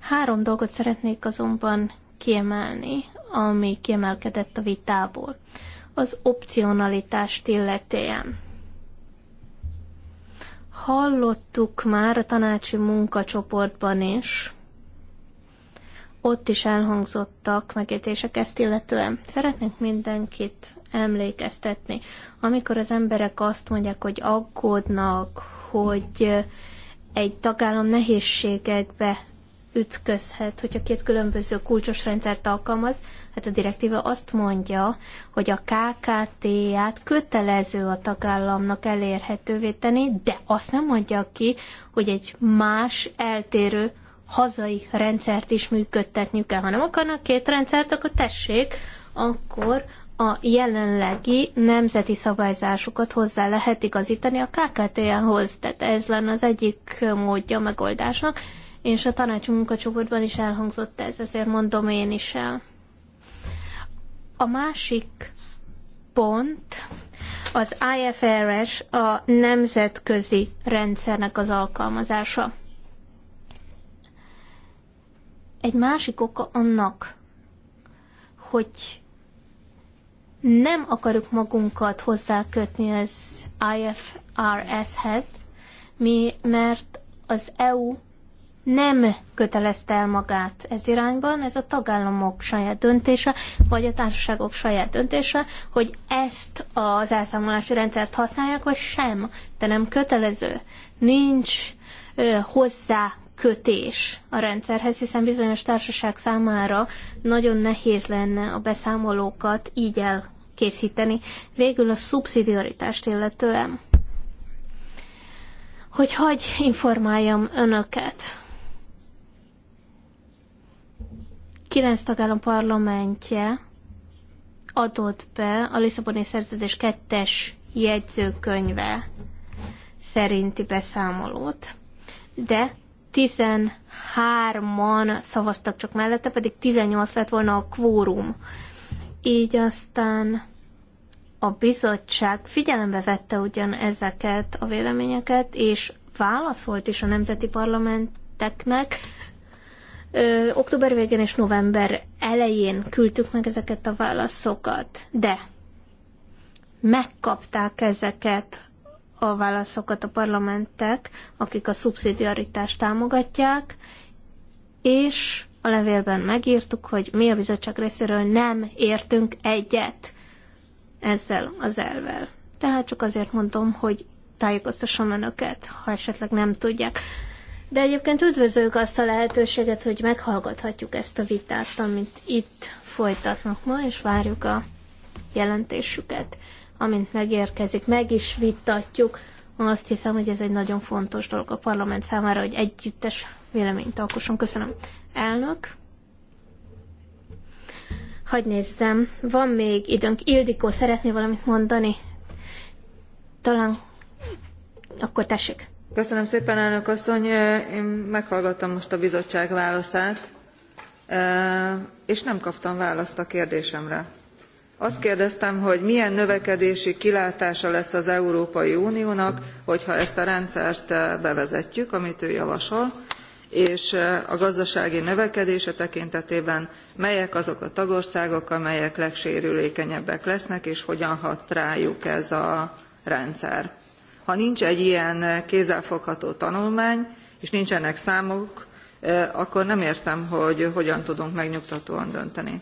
Három dolgot szeretnék azonban kiemelni, ami kiemelkedett a vitából, az opcionalitást illetően. Hallottuk már a tanácsi munkacsoportban is, ott is elhangzottak megjegyzések ezt illetően. Szeretnék mindenkit emlékeztetni. Amikor az emberek azt mondják, hogy aggódnak, hogy egy tagállam nehézségekbe ütközhet, hogyha két különböző kulcsos rendszert alkalmaz. Hát a direktíva azt mondja, hogy a KKT-ját kötelező a tagállamnak elérhetővé tenni, de azt nem mondja ki, hogy egy más eltérő hazai rendszert is működtetniük kell. Ha nem akarnak két rendszert, akkor tessék, akkor a jelenlegi nemzeti szabályzásukat hozzá lehet igazítani a KKT-hez. Tehát ez lenne az egyik módja a megoldásnak és a tanácsi munkacsoportban is elhangzott ez, ezért mondom én is el. A másik pont az IFRS a nemzetközi rendszernek az alkalmazása. Egy másik oka annak, hogy nem akarjuk magunkat hozzákötni az IFRS-hez, mi, mert az EU nem kötelezte el magát ez irányban, ez a tagállamok saját döntése, vagy a társaságok saját döntése, hogy ezt az elszámolási rendszert használják, vagy sem, de nem kötelező. Nincs ö, hozzá kötés a rendszerhez, hiszen bizonyos társaság számára nagyon nehéz lenne a beszámolókat így elkészíteni. Végül a szubszidiaritást illetően hogy hagy informáljam önöket kilenc tagállam parlamentje adott be a Lisszaboni Szerződés kettes jegyzőkönyve szerinti beszámolót, de 13-an szavaztak csak mellette, pedig 18 lett volna a kvórum. Így aztán a bizottság figyelembe vette ugyan ezeket a véleményeket, és válaszolt is a nemzeti parlamenteknek, Ö, október végén és november elején küldtük meg ezeket a válaszokat, de megkapták ezeket a válaszokat a parlamentek, akik a szubszidiaritást támogatják, és a levélben megírtuk, hogy mi a bizottság részéről nem értünk egyet ezzel az elvel. Tehát csak azért mondom, hogy tájékoztassam önöket, ha esetleg nem tudják. De egyébként üdvözöljük azt a lehetőséget, hogy meghallgathatjuk ezt a vitát, amit itt folytatnak ma, és várjuk a jelentésüket. Amint megérkezik, meg is vitatjuk. Azt hiszem, hogy ez egy nagyon fontos dolog a parlament számára, hogy együttes véleményt alkosson. Köszönöm. Elnök. Hagy nézzem, van még időnk. Ildikó, szeretné valamit mondani? Talán akkor tessék. Köszönöm szépen, Én meghallgattam most a bizottság válaszát, és nem kaptam választ a kérdésemre. Azt kérdeztem, hogy milyen növekedési kilátása lesz az Európai Uniónak, hogyha ezt a rendszert bevezetjük, amit ő javasol, és a gazdasági növekedése tekintetében melyek azok a tagországok amelyek legsérülékenyebbek lesznek és hogyan hat rájuk ez a rendszer ha nincs egy ilyen kézzelfogható tanulmány és nincsenek számok akkor nem értem hogy hogyan tudunk megnyugtatóan dönteni.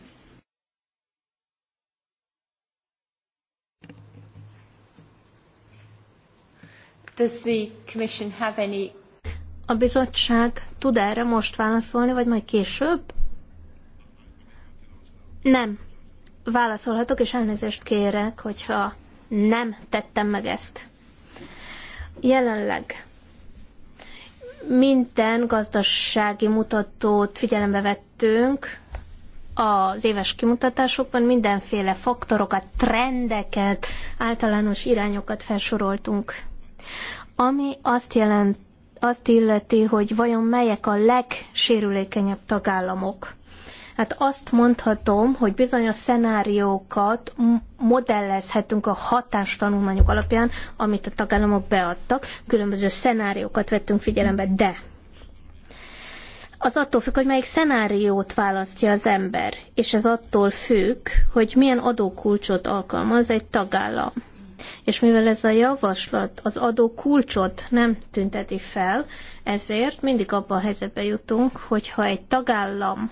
Does the commission have any... A bizottság tud erre most válaszolni, vagy majd később? Nem. Válaszolhatok, és elnézést kérek, hogyha nem tettem meg ezt. Jelenleg minden gazdasági mutatót figyelembe vettünk az éves kimutatásokban, mindenféle faktorokat, trendeket, általános irányokat felsoroltunk. Ami azt jelent, azt illeti, hogy vajon melyek a legsérülékenyebb tagállamok. Hát azt mondhatom, hogy bizony a szenáriókat modellezhetünk a hatástanulmányok alapján, amit a tagállamok beadtak. Különböző szenáriókat vettünk figyelembe, de az attól függ, hogy melyik szenáriót választja az ember, és ez attól függ, hogy milyen adókulcsot alkalmaz egy tagállam. És mivel ez a javaslat az adókulcsot nem tünteti fel, ezért mindig abba a helyzetbe jutunk, hogyha egy tagállam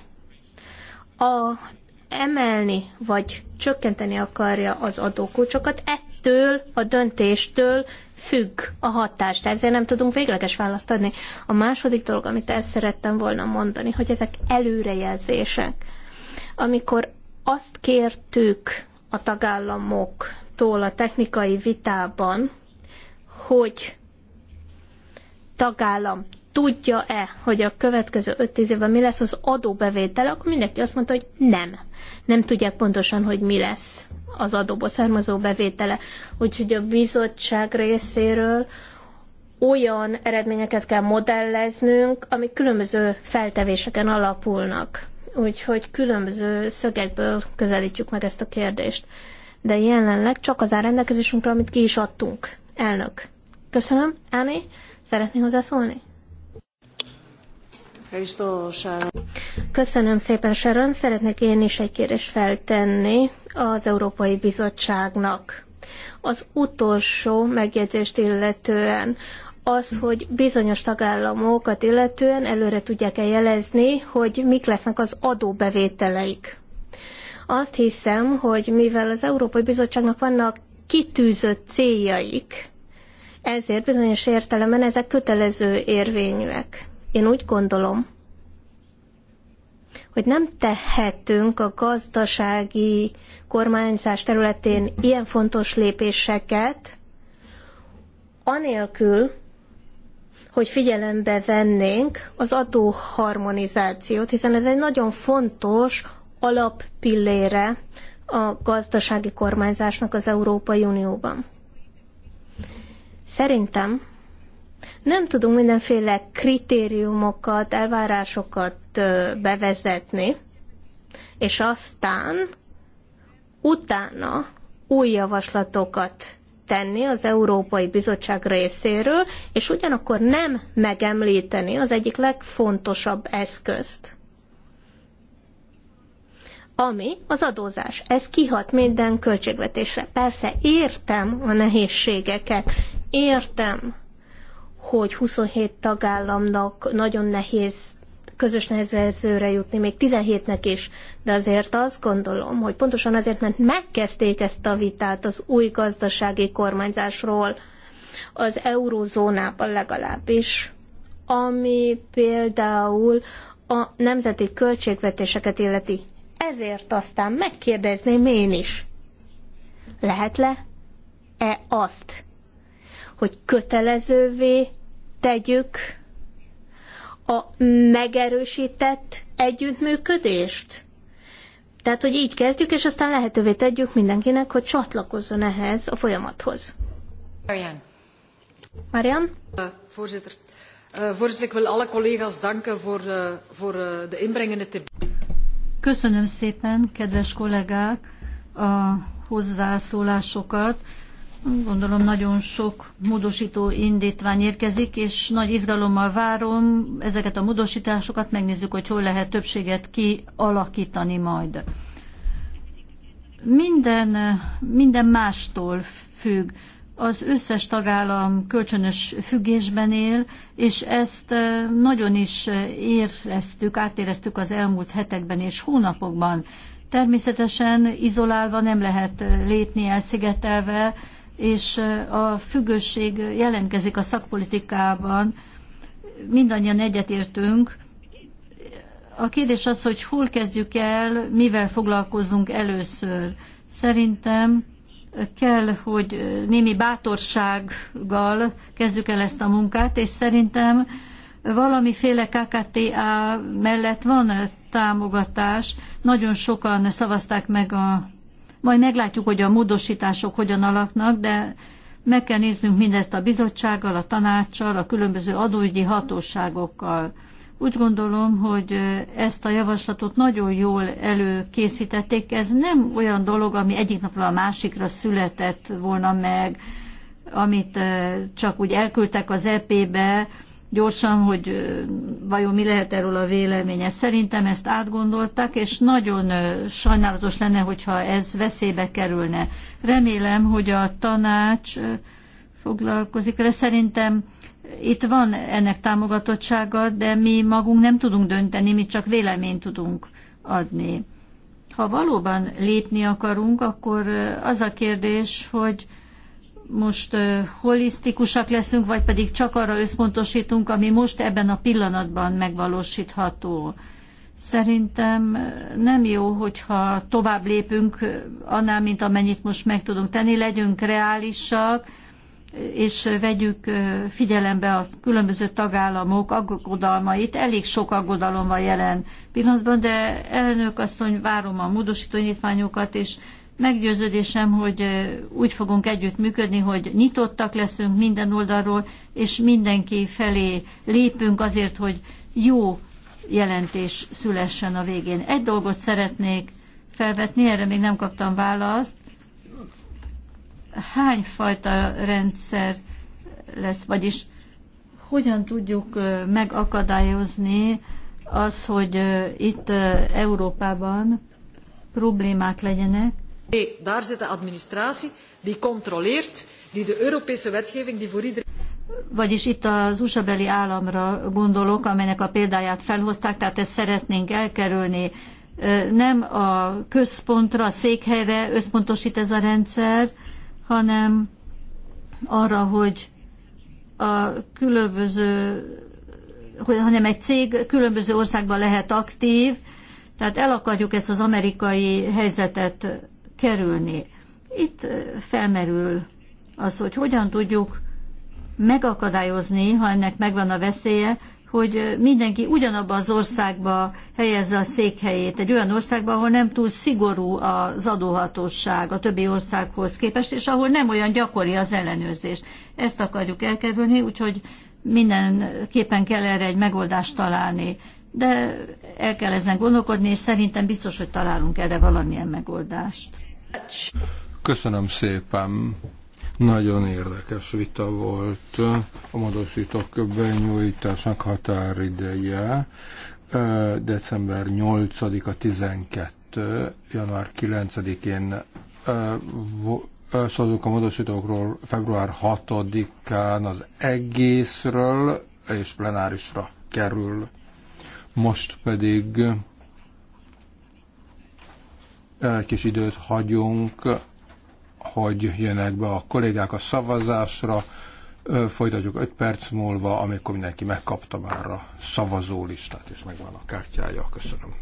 a, emelni vagy csökkenteni akarja az adókulcsokat, ettől a döntéstől függ a hatást. Ezért nem tudunk végleges választ adni. A második dolog, amit el szerettem volna mondani, hogy ezek előrejelzések. Amikor azt kértük a tagállamoktól a technikai vitában, hogy tagállam tudja-e, hogy a következő 5-10 évben mi lesz az adóbevétel? akkor mindenki azt mondta, hogy nem. Nem tudják pontosan, hogy mi lesz az adóból származó bevétele. Úgyhogy a bizottság részéről olyan eredményeket kell modelleznünk, amik különböző feltevéseken alapulnak. Úgyhogy különböző szögekből közelítjük meg ezt a kérdést. De jelenleg csak az rendelkezésünkre, amit ki is adtunk. Elnök. Köszönöm. Áni, szeretné hozzászólni? Köszönöm szépen, Sharon. Szeretnék én is egy kérdést feltenni az Európai Bizottságnak. Az utolsó megjegyzést illetően az, hogy bizonyos tagállamokat illetően előre tudják-e jelezni, hogy mik lesznek az adóbevételeik. Azt hiszem, hogy mivel az Európai Bizottságnak vannak kitűzött céljaik, ezért bizonyos értelemben ezek kötelező érvényűek. Én úgy gondolom, hogy nem tehetünk a gazdasági kormányzás területén ilyen fontos lépéseket, anélkül, hogy figyelembe vennénk az adóharmonizációt, hiszen ez egy nagyon fontos alappillére a gazdasági kormányzásnak az Európai Unióban. Szerintem nem tudunk mindenféle kritériumokat, elvárásokat bevezetni, és aztán utána új javaslatokat tenni az Európai Bizottság részéről, és ugyanakkor nem megemlíteni az egyik legfontosabb eszközt, ami az adózás. Ez kihat minden költségvetésre. Persze értem a nehézségeket, értem hogy 27 tagállamnak nagyon nehéz közös nevezőre jutni, még 17-nek is, de azért azt gondolom, hogy pontosan azért, mert megkezdték ezt a vitát az új gazdasági kormányzásról, az eurózónában legalábbis, ami például a nemzeti költségvetéseket illeti. Ezért aztán megkérdezném én is. Lehet le-e azt, hogy kötelezővé tegyük a megerősített együttműködést? Tehát, hogy így kezdjük, és aztán lehetővé tegyük mindenkinek, hogy csatlakozzon ehhez a folyamathoz. Marian. Marian? Uh, eh, voorzitter. Uh, voorzitter, ik wil alle collega's danken voor, uh, voor uh, de inbreng in het Köszönöm szépen, kedves kollégák, a hozzászólásokat. Gondolom nagyon sok módosító indítvány érkezik, és nagy izgalommal várom ezeket a módosításokat, megnézzük, hogy hol lehet többséget kialakítani majd. Minden, minden mástól függ. Az összes tagállam kölcsönös függésben él, és ezt eh, nagyon is eh, éreztük, átéreztük az elmúlt hetekben és hónapokban. Természetesen izolálva nem lehet eh, lépni elszigetelve, és a függőség jelentkezik a szakpolitikában, mindannyian egyetértünk. A kérdés az, hogy hol kezdjük el, mivel foglalkozunk először. Szerintem kell, hogy némi bátorsággal kezdjük el ezt a munkát, és szerintem valamiféle KKTA mellett van támogatás. Nagyon sokan szavazták meg a majd meglátjuk, hogy a módosítások hogyan alaknak, de meg kell néznünk mindezt a bizottsággal, a tanácssal, a különböző adóügyi hatóságokkal. Úgy gondolom, hogy ezt a javaslatot nagyon jól előkészítették. Ez nem olyan dolog, ami egyik napról a másikra született volna meg, amit eh, csak úgy elküldtek az EP-be, gyorsan, hogy vajon mi lehet erről a véleménye. Szerintem ezt átgondolták, és nagyon sajnálatos lenne, hogyha ez veszélybe kerülne. Remélem, hogy a tanács foglalkozik vele. Szerintem itt van ennek támogatottsága, de mi magunk nem tudunk dönteni, mi csak véleményt tudunk adni. Ha valóban lépni akarunk, akkor az a kérdés, hogy most holisztikusak leszünk, vagy pedig csak arra összpontosítunk, ami most ebben a pillanatban megvalósítható. Szerintem nem jó, hogyha tovább lépünk annál, mint amennyit most meg tudunk tenni, legyünk reálisak, és vegyük figyelembe a különböző tagállamok aggodalmait. Elég sok aggodalom van jelen pillanatban, de elnök asszony, várom a módosító nyitványokat, és Meggyőződésem, hogy úgy fogunk együtt működni, hogy nyitottak leszünk minden oldalról, és mindenki felé lépünk azért, hogy jó jelentés szülessen a végén. Egy dolgot szeretnék felvetni, erre még nem kaptam választ. Hány fajta rendszer lesz, vagyis hogyan tudjuk megakadályozni az, hogy itt Európában problémák legyenek, Nee, daar zit de administratie die controleert, die de Europese wetgeving die voor iedereen... Vagyis itt az usa beli államra gondolok, amelynek a példáját felhozták, tehát ezt szeretnénk elkerülni. Nem a központra, a székhelyre összpontosít ez a rendszer, hanem arra, hogy a különböző, hanem egy cég különböző országban lehet aktív, tehát el akarjuk ezt az amerikai helyzetet kerülni. Itt felmerül az, hogy hogyan tudjuk megakadályozni, ha ennek megvan a veszélye, hogy mindenki ugyanabba az országba helyezze a székhelyét, egy olyan országba, ahol nem túl szigorú az adóhatóság a többi országhoz képest, és ahol nem olyan gyakori az ellenőrzés. Ezt akarjuk elkerülni, úgyhogy mindenképpen kell erre egy megoldást találni de el kell ezen gondolkodni, és szerintem biztos, hogy találunk erre valamilyen megoldást. Köszönöm szépen. Nagyon érdekes vita volt a módosítók benyújtásnak határideje. December 8-a 12, január 9-én szavazunk a módosítókról február 6-án az egészről és plenárisra kerül. Most pedig kis időt hagyunk, hogy jönnek be a kollégák a szavazásra. Folytatjuk 5 perc múlva, amikor mindenki megkapta már a szavazólistát, és megvan a kártyája. Köszönöm.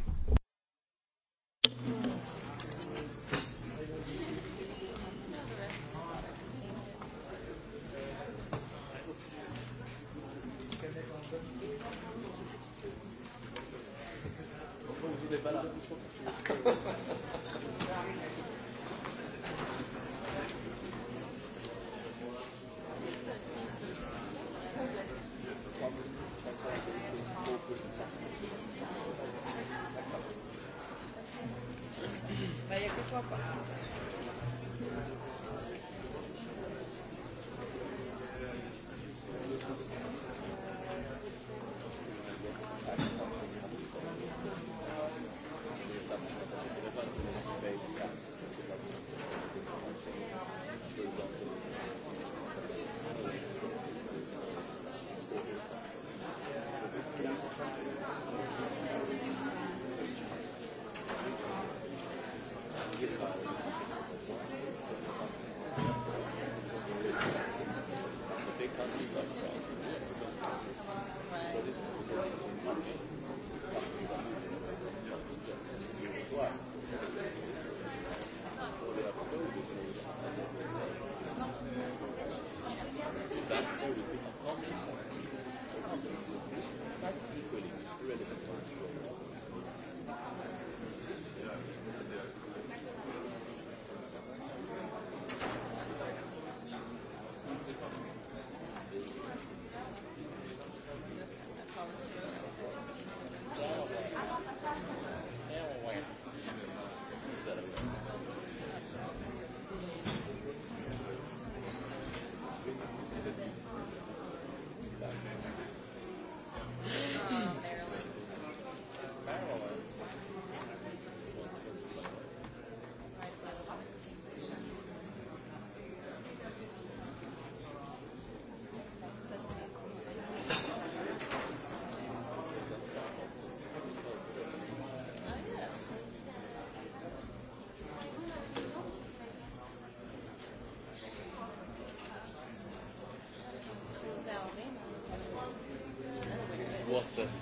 azt lesz.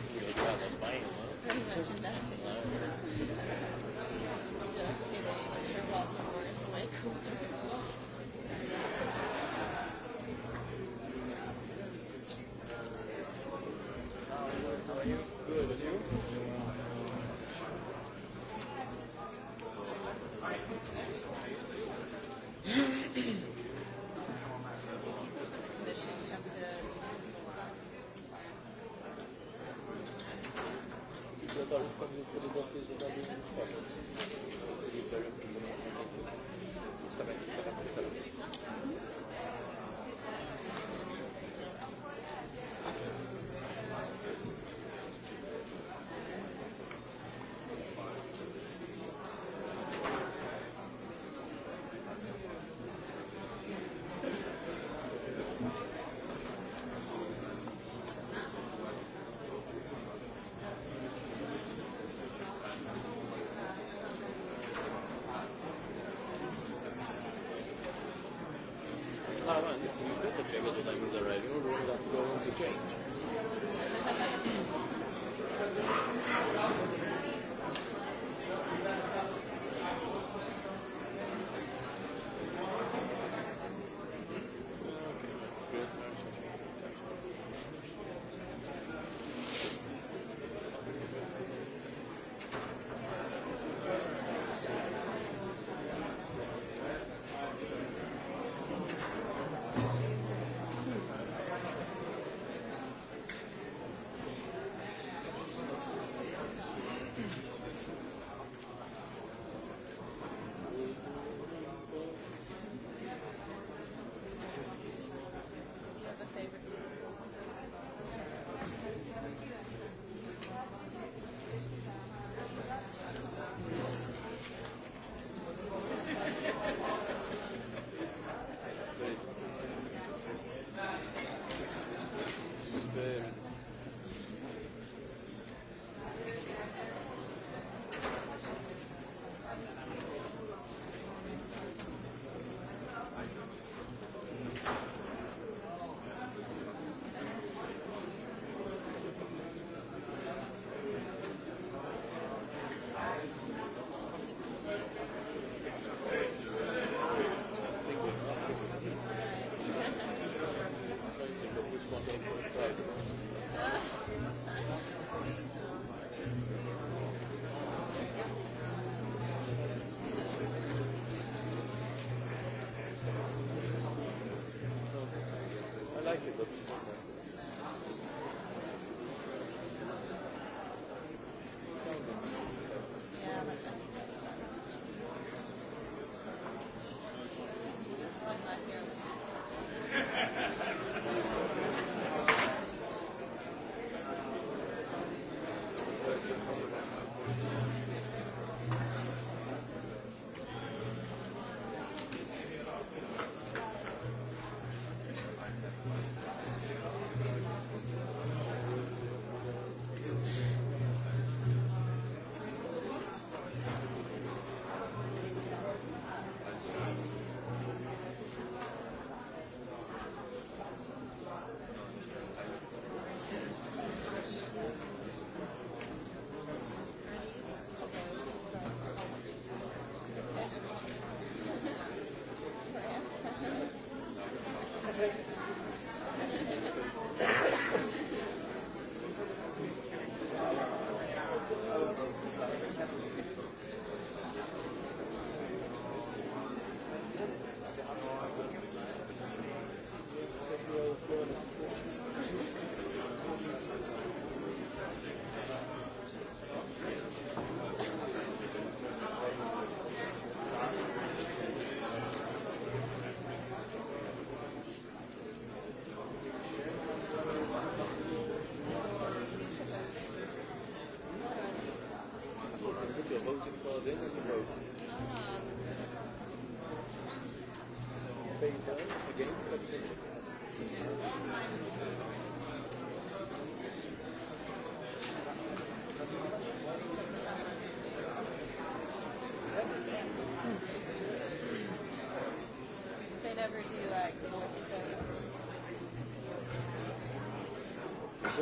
Java and this is better to have it on the radio rather than to go on to change.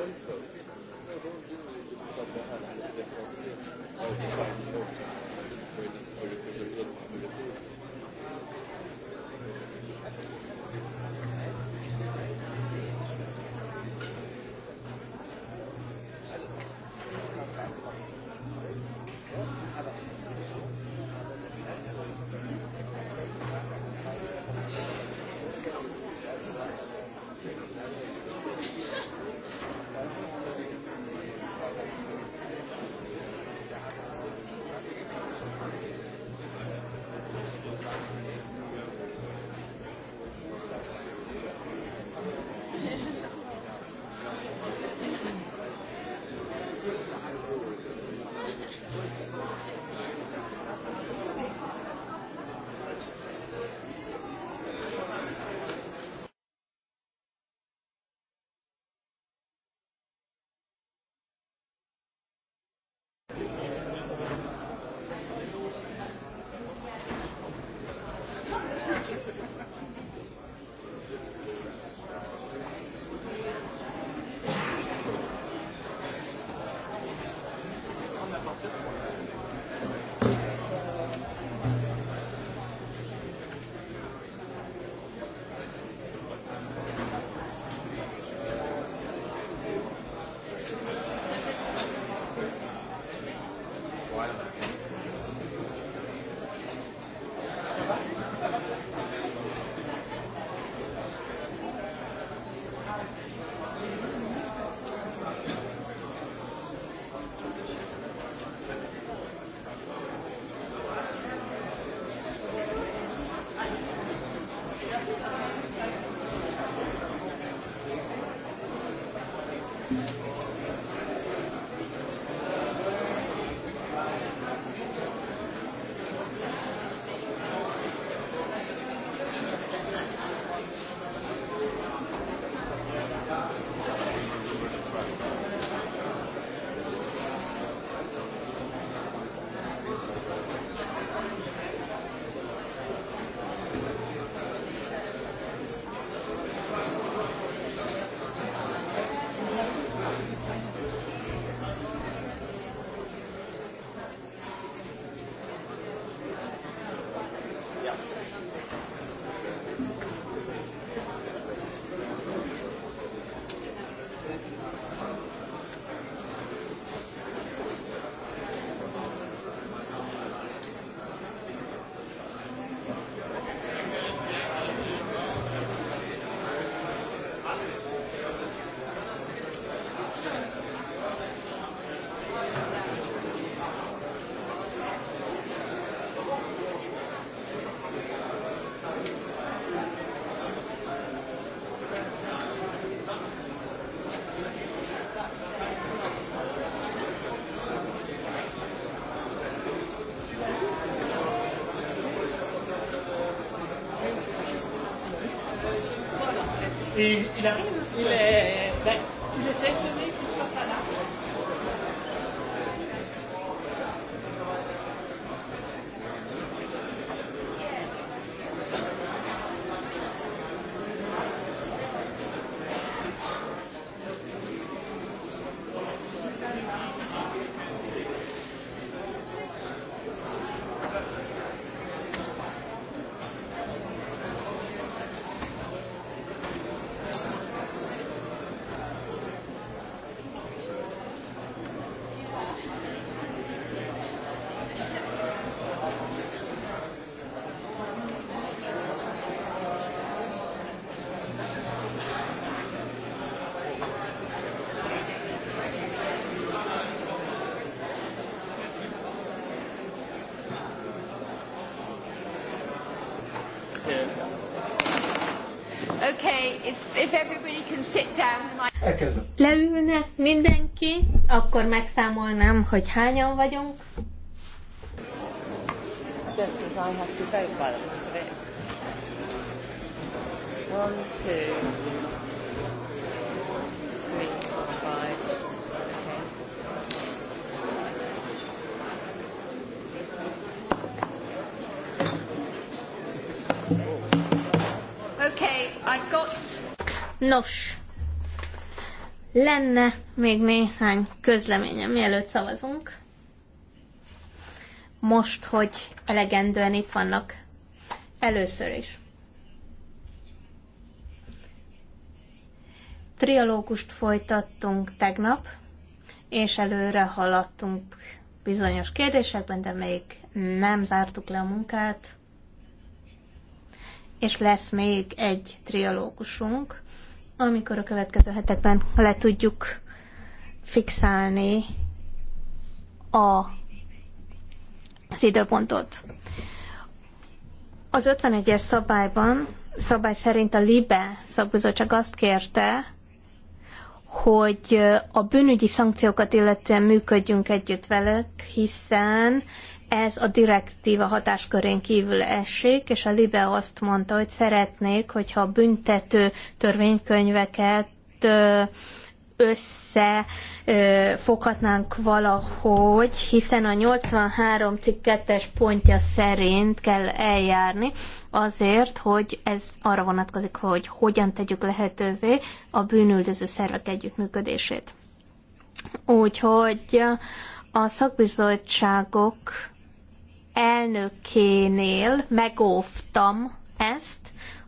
Holy Ghost. il, il arrive, il est akkor megszámolnám, hogy hányan vagyunk. One, two, three, five. Okay. got... Nos, lenne még néhány közleményem, mielőtt szavazunk. Most, hogy elegendően itt vannak. Először is. Trialógust folytattunk tegnap, és előre haladtunk bizonyos kérdésekben, de még nem zártuk le a munkát, és lesz még egy trialógusunk amikor a következő hetekben le tudjuk fixálni a, az időpontot. Az 51-es szabályban, szabály szerint a LIBE szakbizottság azt kérte, hogy a bűnügyi szankciókat illetően működjünk együtt velük, hiszen ez a direktíva hatáskörén kívül esik, és a Libe azt mondta, hogy szeretnék, hogyha a büntető törvénykönyveket összefoghatnánk valahogy, hiszen a 83 cikk 2 pontja szerint kell eljárni azért, hogy ez arra vonatkozik, hogy hogyan tegyük lehetővé a bűnüldöző szervek együttműködését. Úgyhogy a szakbizottságok elnökénél megóvtam ezt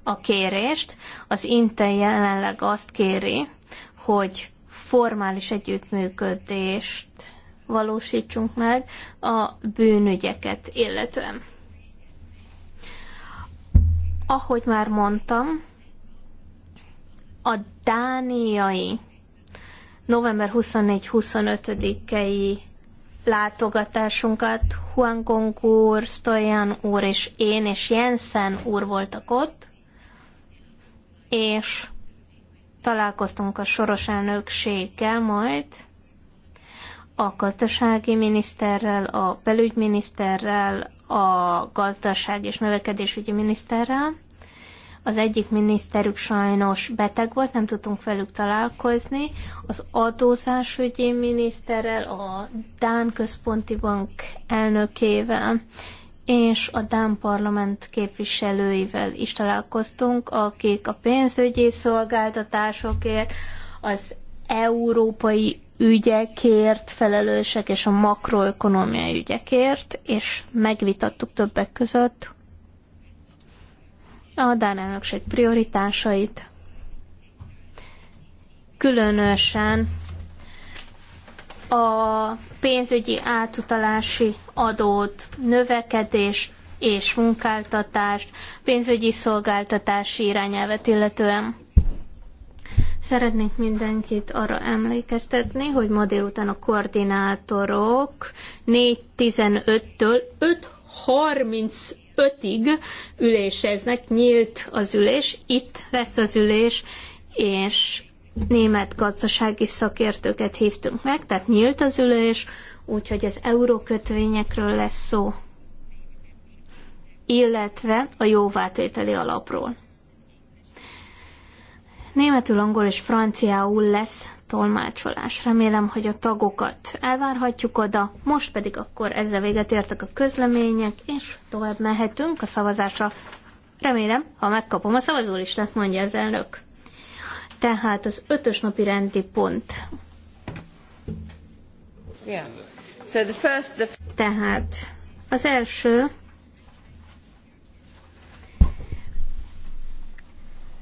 a kérést. Az Intel jelenleg azt kéri, hogy formális együttműködést valósítsunk meg a bűnügyeket illetően. Ahogy már mondtam, a dániai november 24-25-i látogatásunkat Gong úr, Stoyan úr és én és Jensen úr voltak ott, és találkoztunk a soros elnökséggel majd, a gazdasági miniszterrel, a belügyminiszterrel, a gazdaság és növekedésügyi miniszterrel, az egyik miniszterük sajnos beteg volt, nem tudtunk velük találkozni. Az adózásügyi miniszterrel, a Dán Központi Bank elnökével és a Dán Parlament képviselőivel is találkoztunk, akik a pénzügyi szolgáltatásokért, az európai ügyekért felelősek, és a makroekonomiai ügyekért, és megvitattuk többek között, a Dán elnökség prioritásait, különösen a pénzügyi átutalási adót, növekedést és munkáltatást, pénzügyi szolgáltatási irányelvet illetően. Szeretnék mindenkit arra emlékeztetni, hogy ma délután a koordinátorok 4.15-től 5.30 ötig üléseznek, nyílt az ülés, itt lesz az ülés, és német gazdasági szakértőket hívtunk meg, tehát nyílt az ülés, úgyhogy az eurókötvényekről lesz szó, illetve a jóvátételi alapról. Németül, angol és franciául lesz tolmácsolás. Remélem, hogy a tagokat elvárhatjuk oda, most pedig akkor ezzel véget értek a közlemények, és tovább mehetünk a szavazásra. Remélem, ha megkapom a szavazólistát, mondja az elnök. Tehát az ötös napi rendi pont. Yeah. So the first, the... Tehát az első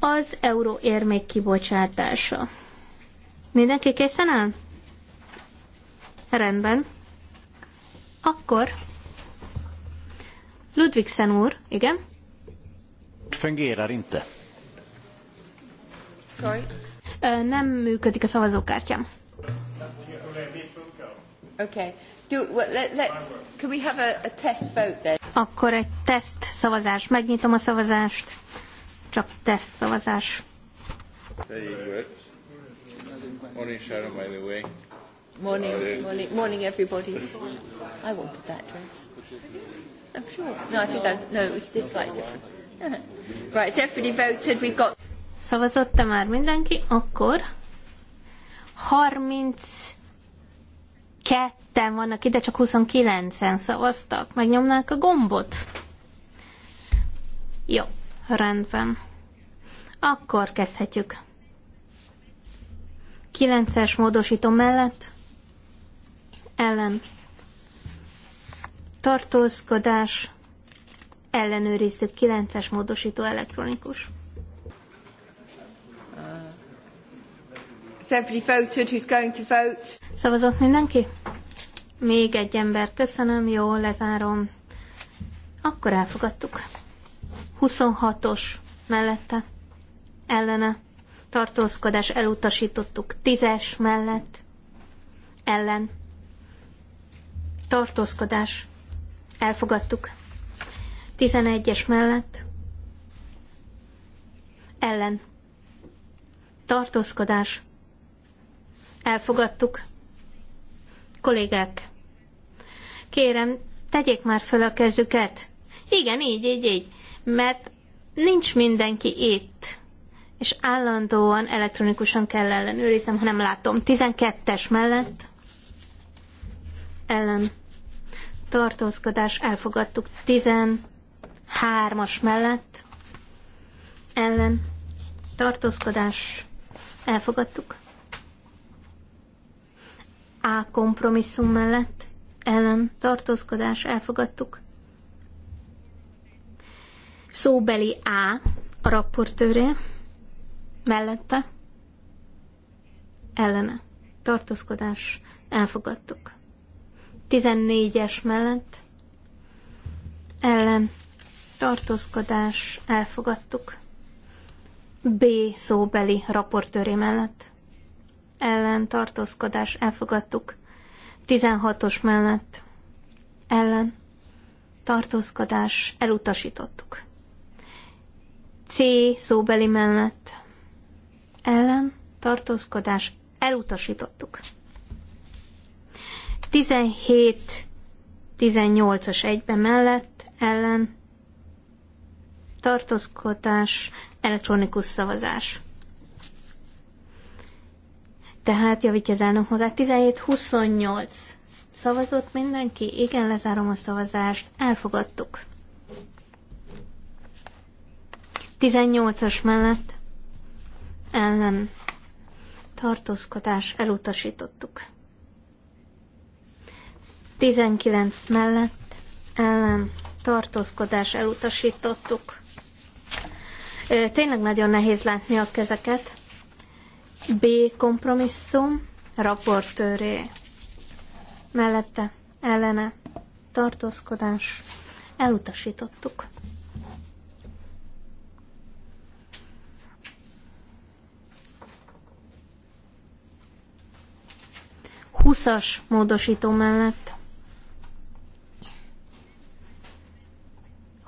az euró érmék kibocsátása. Mindenki készen áll? Rendben. Akkor Ludvigsen úr, igen? Fengére, rinte. Sorry. Ö, nem működik a szavazókártyám. Okay. Do, well, let, let's, can we have a, a test vote then? Akkor egy teszt szavazás. Megnyitom a szavazást. Csak teszt szavazás. There you go. Morning, Sharon, by the way. Morning, morning, morning, everybody. I wanted that dress. I'm sure. No, I think that, no, it was this like different. right, so everybody voted, we've got... Szavazott-e már mindenki? Akkor 32-en vannak ide, csak 29-en szavaztak. Megnyomnák a gombot? Jó, rendben. Akkor kezdhetjük. 9-es módosító mellett ellen tartózkodás ellenőrizzük 9-es módosító elektronikus. voted, who's going to vote? Szavazott mindenki? Még egy ember, köszönöm, jó, lezárom. Akkor elfogadtuk. 26-os mellette, ellene tartózkodás elutasítottuk tízes mellett, ellen, tartózkodás elfogadtuk tizenegyes mellett, ellen, tartózkodás elfogadtuk. Kollégák, kérem, tegyék már fel a kezüket. Igen, így, így, így, mert nincs mindenki itt és állandóan elektronikusan kell ellenőriznem, ha nem látom. 12-es mellett ellen tartózkodás elfogadtuk. 13-as mellett ellen tartózkodás elfogadtuk. A kompromisszum mellett ellen tartózkodás elfogadtuk. Szóbeli A a rapportőre. Mellette? Ellene. Tartózkodás. Elfogadtuk. 14-es mellett? Ellen. Tartózkodás. Elfogadtuk. B szóbeli raportőri mellett. Ellen tartózkodás elfogadtuk. 16-os mellett. Ellen tartózkodás elutasítottuk. C szóbeli mellett ellen tartózkodás elutasítottuk. 17-18-as egybe mellett ellen tartózkodás elektronikus szavazás. Tehát javítja az elnök magát. 17-28 szavazott mindenki? Igen, lezárom a szavazást. Elfogadtuk. 18-as mellett ellen tartózkodás elutasítottuk. 19 mellett ellen tartózkodás elutasítottuk. Tényleg nagyon nehéz látni a kezeket. B kompromisszum, raportőré. Mellette, ellene, tartózkodás, elutasítottuk. 20-as módosító mellett.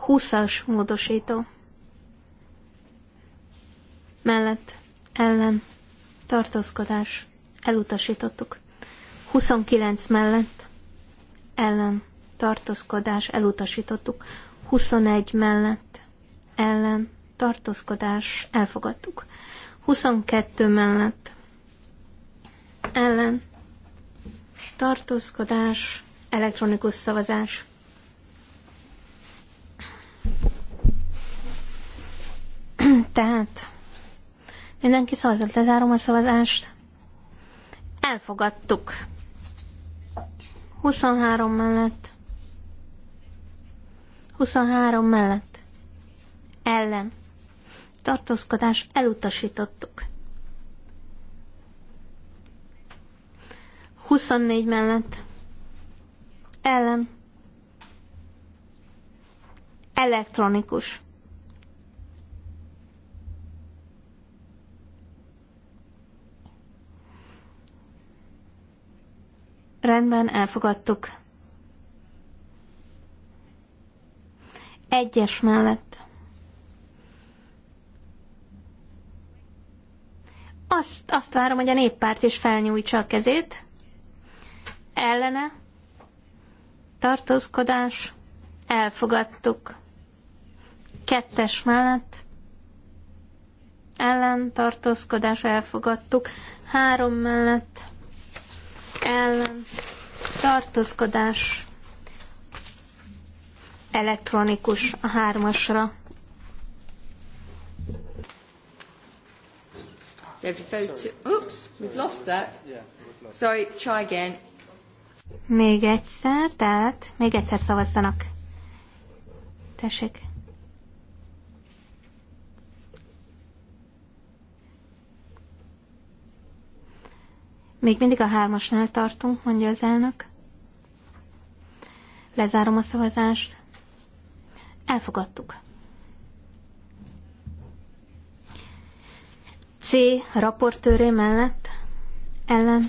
20-as módosító mellett ellen tartózkodás elutasítottuk. 29 mellett ellen tartózkodás elutasítottuk. 21 mellett ellen tartózkodás elfogadtuk. 22 mellett ellen tartózkodás, elektronikus szavazás. Tehát mindenki szavazott, lezárom a szavazást. Elfogadtuk. 23 mellett. 23 mellett. Ellen. Tartózkodás elutasítottuk. 24 mellett. Ellen. Elektronikus. Rendben, elfogadtuk. Egyes mellett. Azt, azt várom, hogy a néppárt is felnyújtsa a kezét ellene, tartózkodás, elfogadtuk. Kettes mellett, ellen, tartózkodás, elfogadtuk. Három mellett, ellen, tartózkodás, elektronikus a hármasra. Oops, we've lost that. Sorry, try again. Még egyszer, tehát még egyszer szavazzanak. Tessék. Még mindig a hármasnál tartunk, mondja az elnök. Lezárom a szavazást. Elfogadtuk. C. Raportőré mellett ellen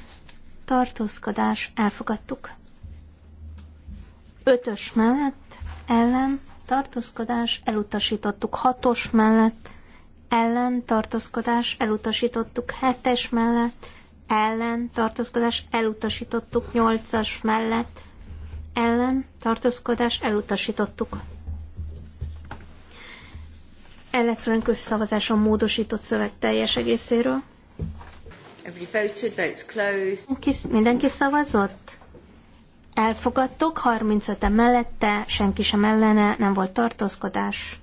tartózkodás elfogadtuk. Ötös mellett ellen tartózkodás elutasítottuk. Hatos mellett ellen tartózkodás elutasítottuk. Hetes mellett ellen tartózkodás elutasítottuk. Nyolcas mellett ellen tartózkodás elutasítottuk. Elektronikus szavazáson módosított szöveg teljes egészéről. Mindenki, mindenki szavazott? Elfogadtuk, 35-en mellette, senki sem ellene, nem volt tartózkodás.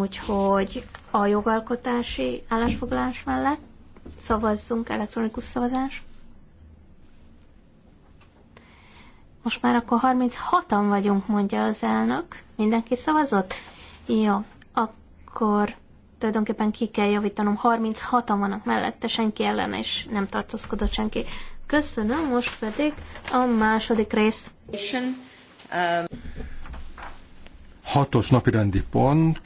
Úgyhogy a jogalkotási állásfoglalás mellett szavazzunk elektronikus szavazás. Most már akkor 36-an vagyunk, mondja az elnök. Mindenki szavazott? Jó, akkor tulajdonképpen ki kell javítanom. 36-an vannak mellette, senki ellen, és nem tartózkodott senki. Köszönöm, most pedig a második rész. Hatos napirendi pont,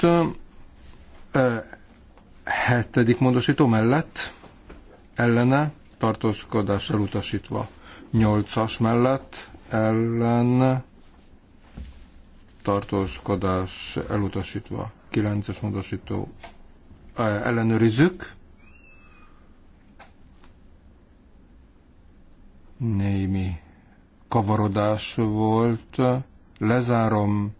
hetedik módosító mellett, ellene, tartózkodás elutasítva. Nyolcas mellett, ellen, tartózkodás elutasítva. Kilences módosító ellenőrizzük. Némi kavarodás volt. Lezárom.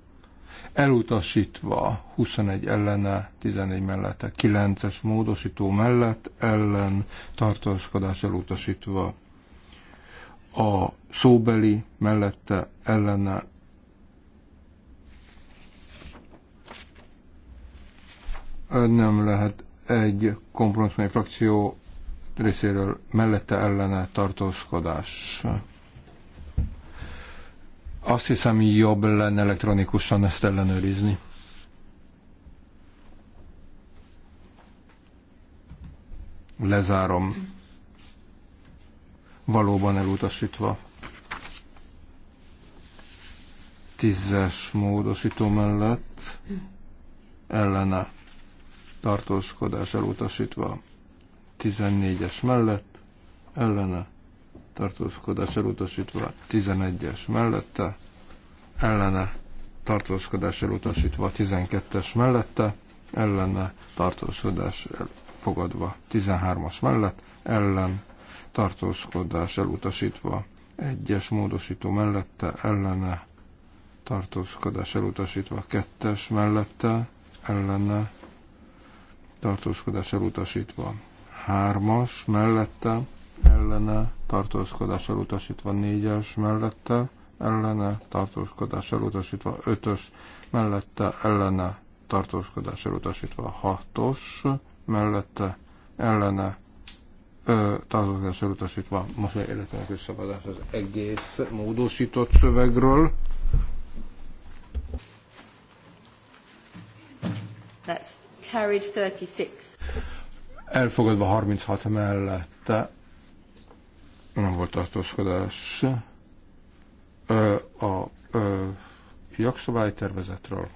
Elutasítva 21 ellene, 14 mellette, 9-es módosító mellett ellen tartózkodás elutasítva a szóbeli mellette ellene nem lehet egy kompromisszumai frakció részéről mellette ellene tartózkodás. Azt hiszem, jobb lenne elektronikusan ezt ellenőrizni. Lezárom. Valóban elutasítva. Tízes módosító mellett ellene tartózkodás elutasítva. 14-es mellett ellene tartózkodás elutasítva. 11-es mellette ellene tartózkodás elutasítva. 12-es mellette ellene tartózkodás fogadva. 13-as mellett ellen tartózkodás elutasítva. 1-es módosító mellette ellene tartózkodás elutasítva. 2-es mellette ellene tartózkodás elutasítva. Hármas mellette ellene tartózkodás elutasítva. Négyes mellette ellene tartózkodás elutasítva. Ötös mellette ellene tartózkodás elutasítva. Hatos mellette ellene tartózkodás elutasítva. Most egy életlenek szabadás az egész módosított szövegről. That's Carried 36. Elfogadva 36 mellett Nem volt tartózkodás. Ö, a ö, jogszabálytervezetről.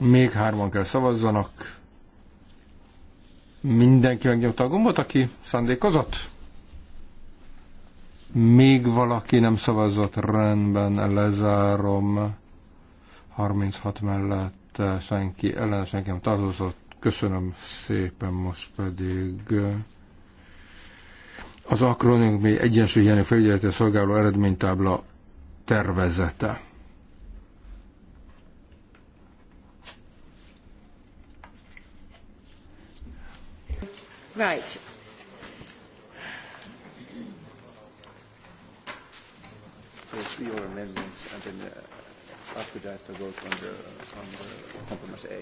Még hárman kell szavazzanak. Mindenki megnyomta a gombot, aki szándékozott? Még valaki nem szavazott, rendben, lezárom. 36 mellett eh, senki ellen, senki nem tartozott. Köszönöm szépen, most pedig az akronimi egyensúlyhiányú felügyelete szolgáló eredménytábla tervezete. Right. uh, three oral amendments, and then uh, after that a vote on the, on the compromise A.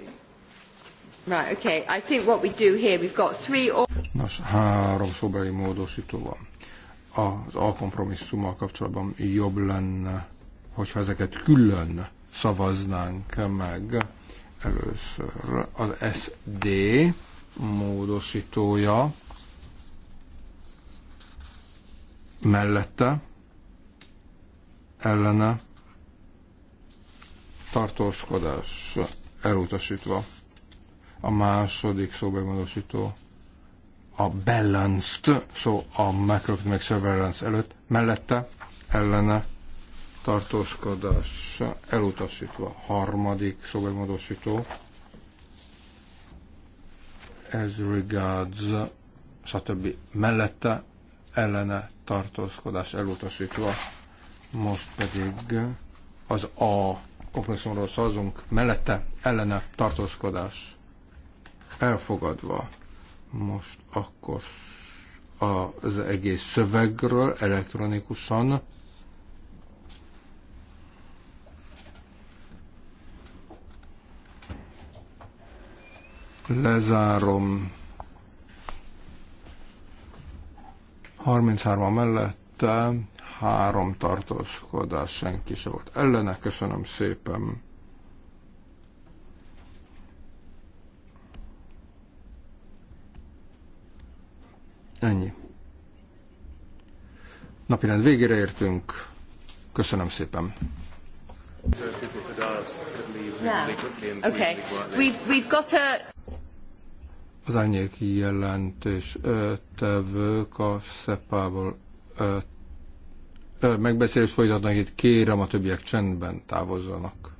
Right, okay. I think what we do here, we've got three or... Nos, három szobai módosító van. Az alkompromisszummal kapcsolatban jobb lenne, hogyha ezeket külön szavaznánk meg először az SD módosítója mellette ellene tartózkodás elutasítva. A második szóbemondosító a balanced szó a macroeconomic surveillance előtt, mellette ellene tartózkodás elutasítva. Harmadik szóbemondosító as regards stb. mellette ellene tartózkodás elutasítva most pedig az A kompromisszumról szavazunk, mellette ellene tartózkodás elfogadva. Most akkor az egész szövegről elektronikusan lezárom 33 mellette három tartózkodás, senki se volt ellene. Köszönöm szépen. Ennyi. Napirend végére értünk. Köszönöm szépen. Az árnyéki jelentés tevők a Szepával megbeszélés folytatnak itt, kérem a többiek csendben távozzanak.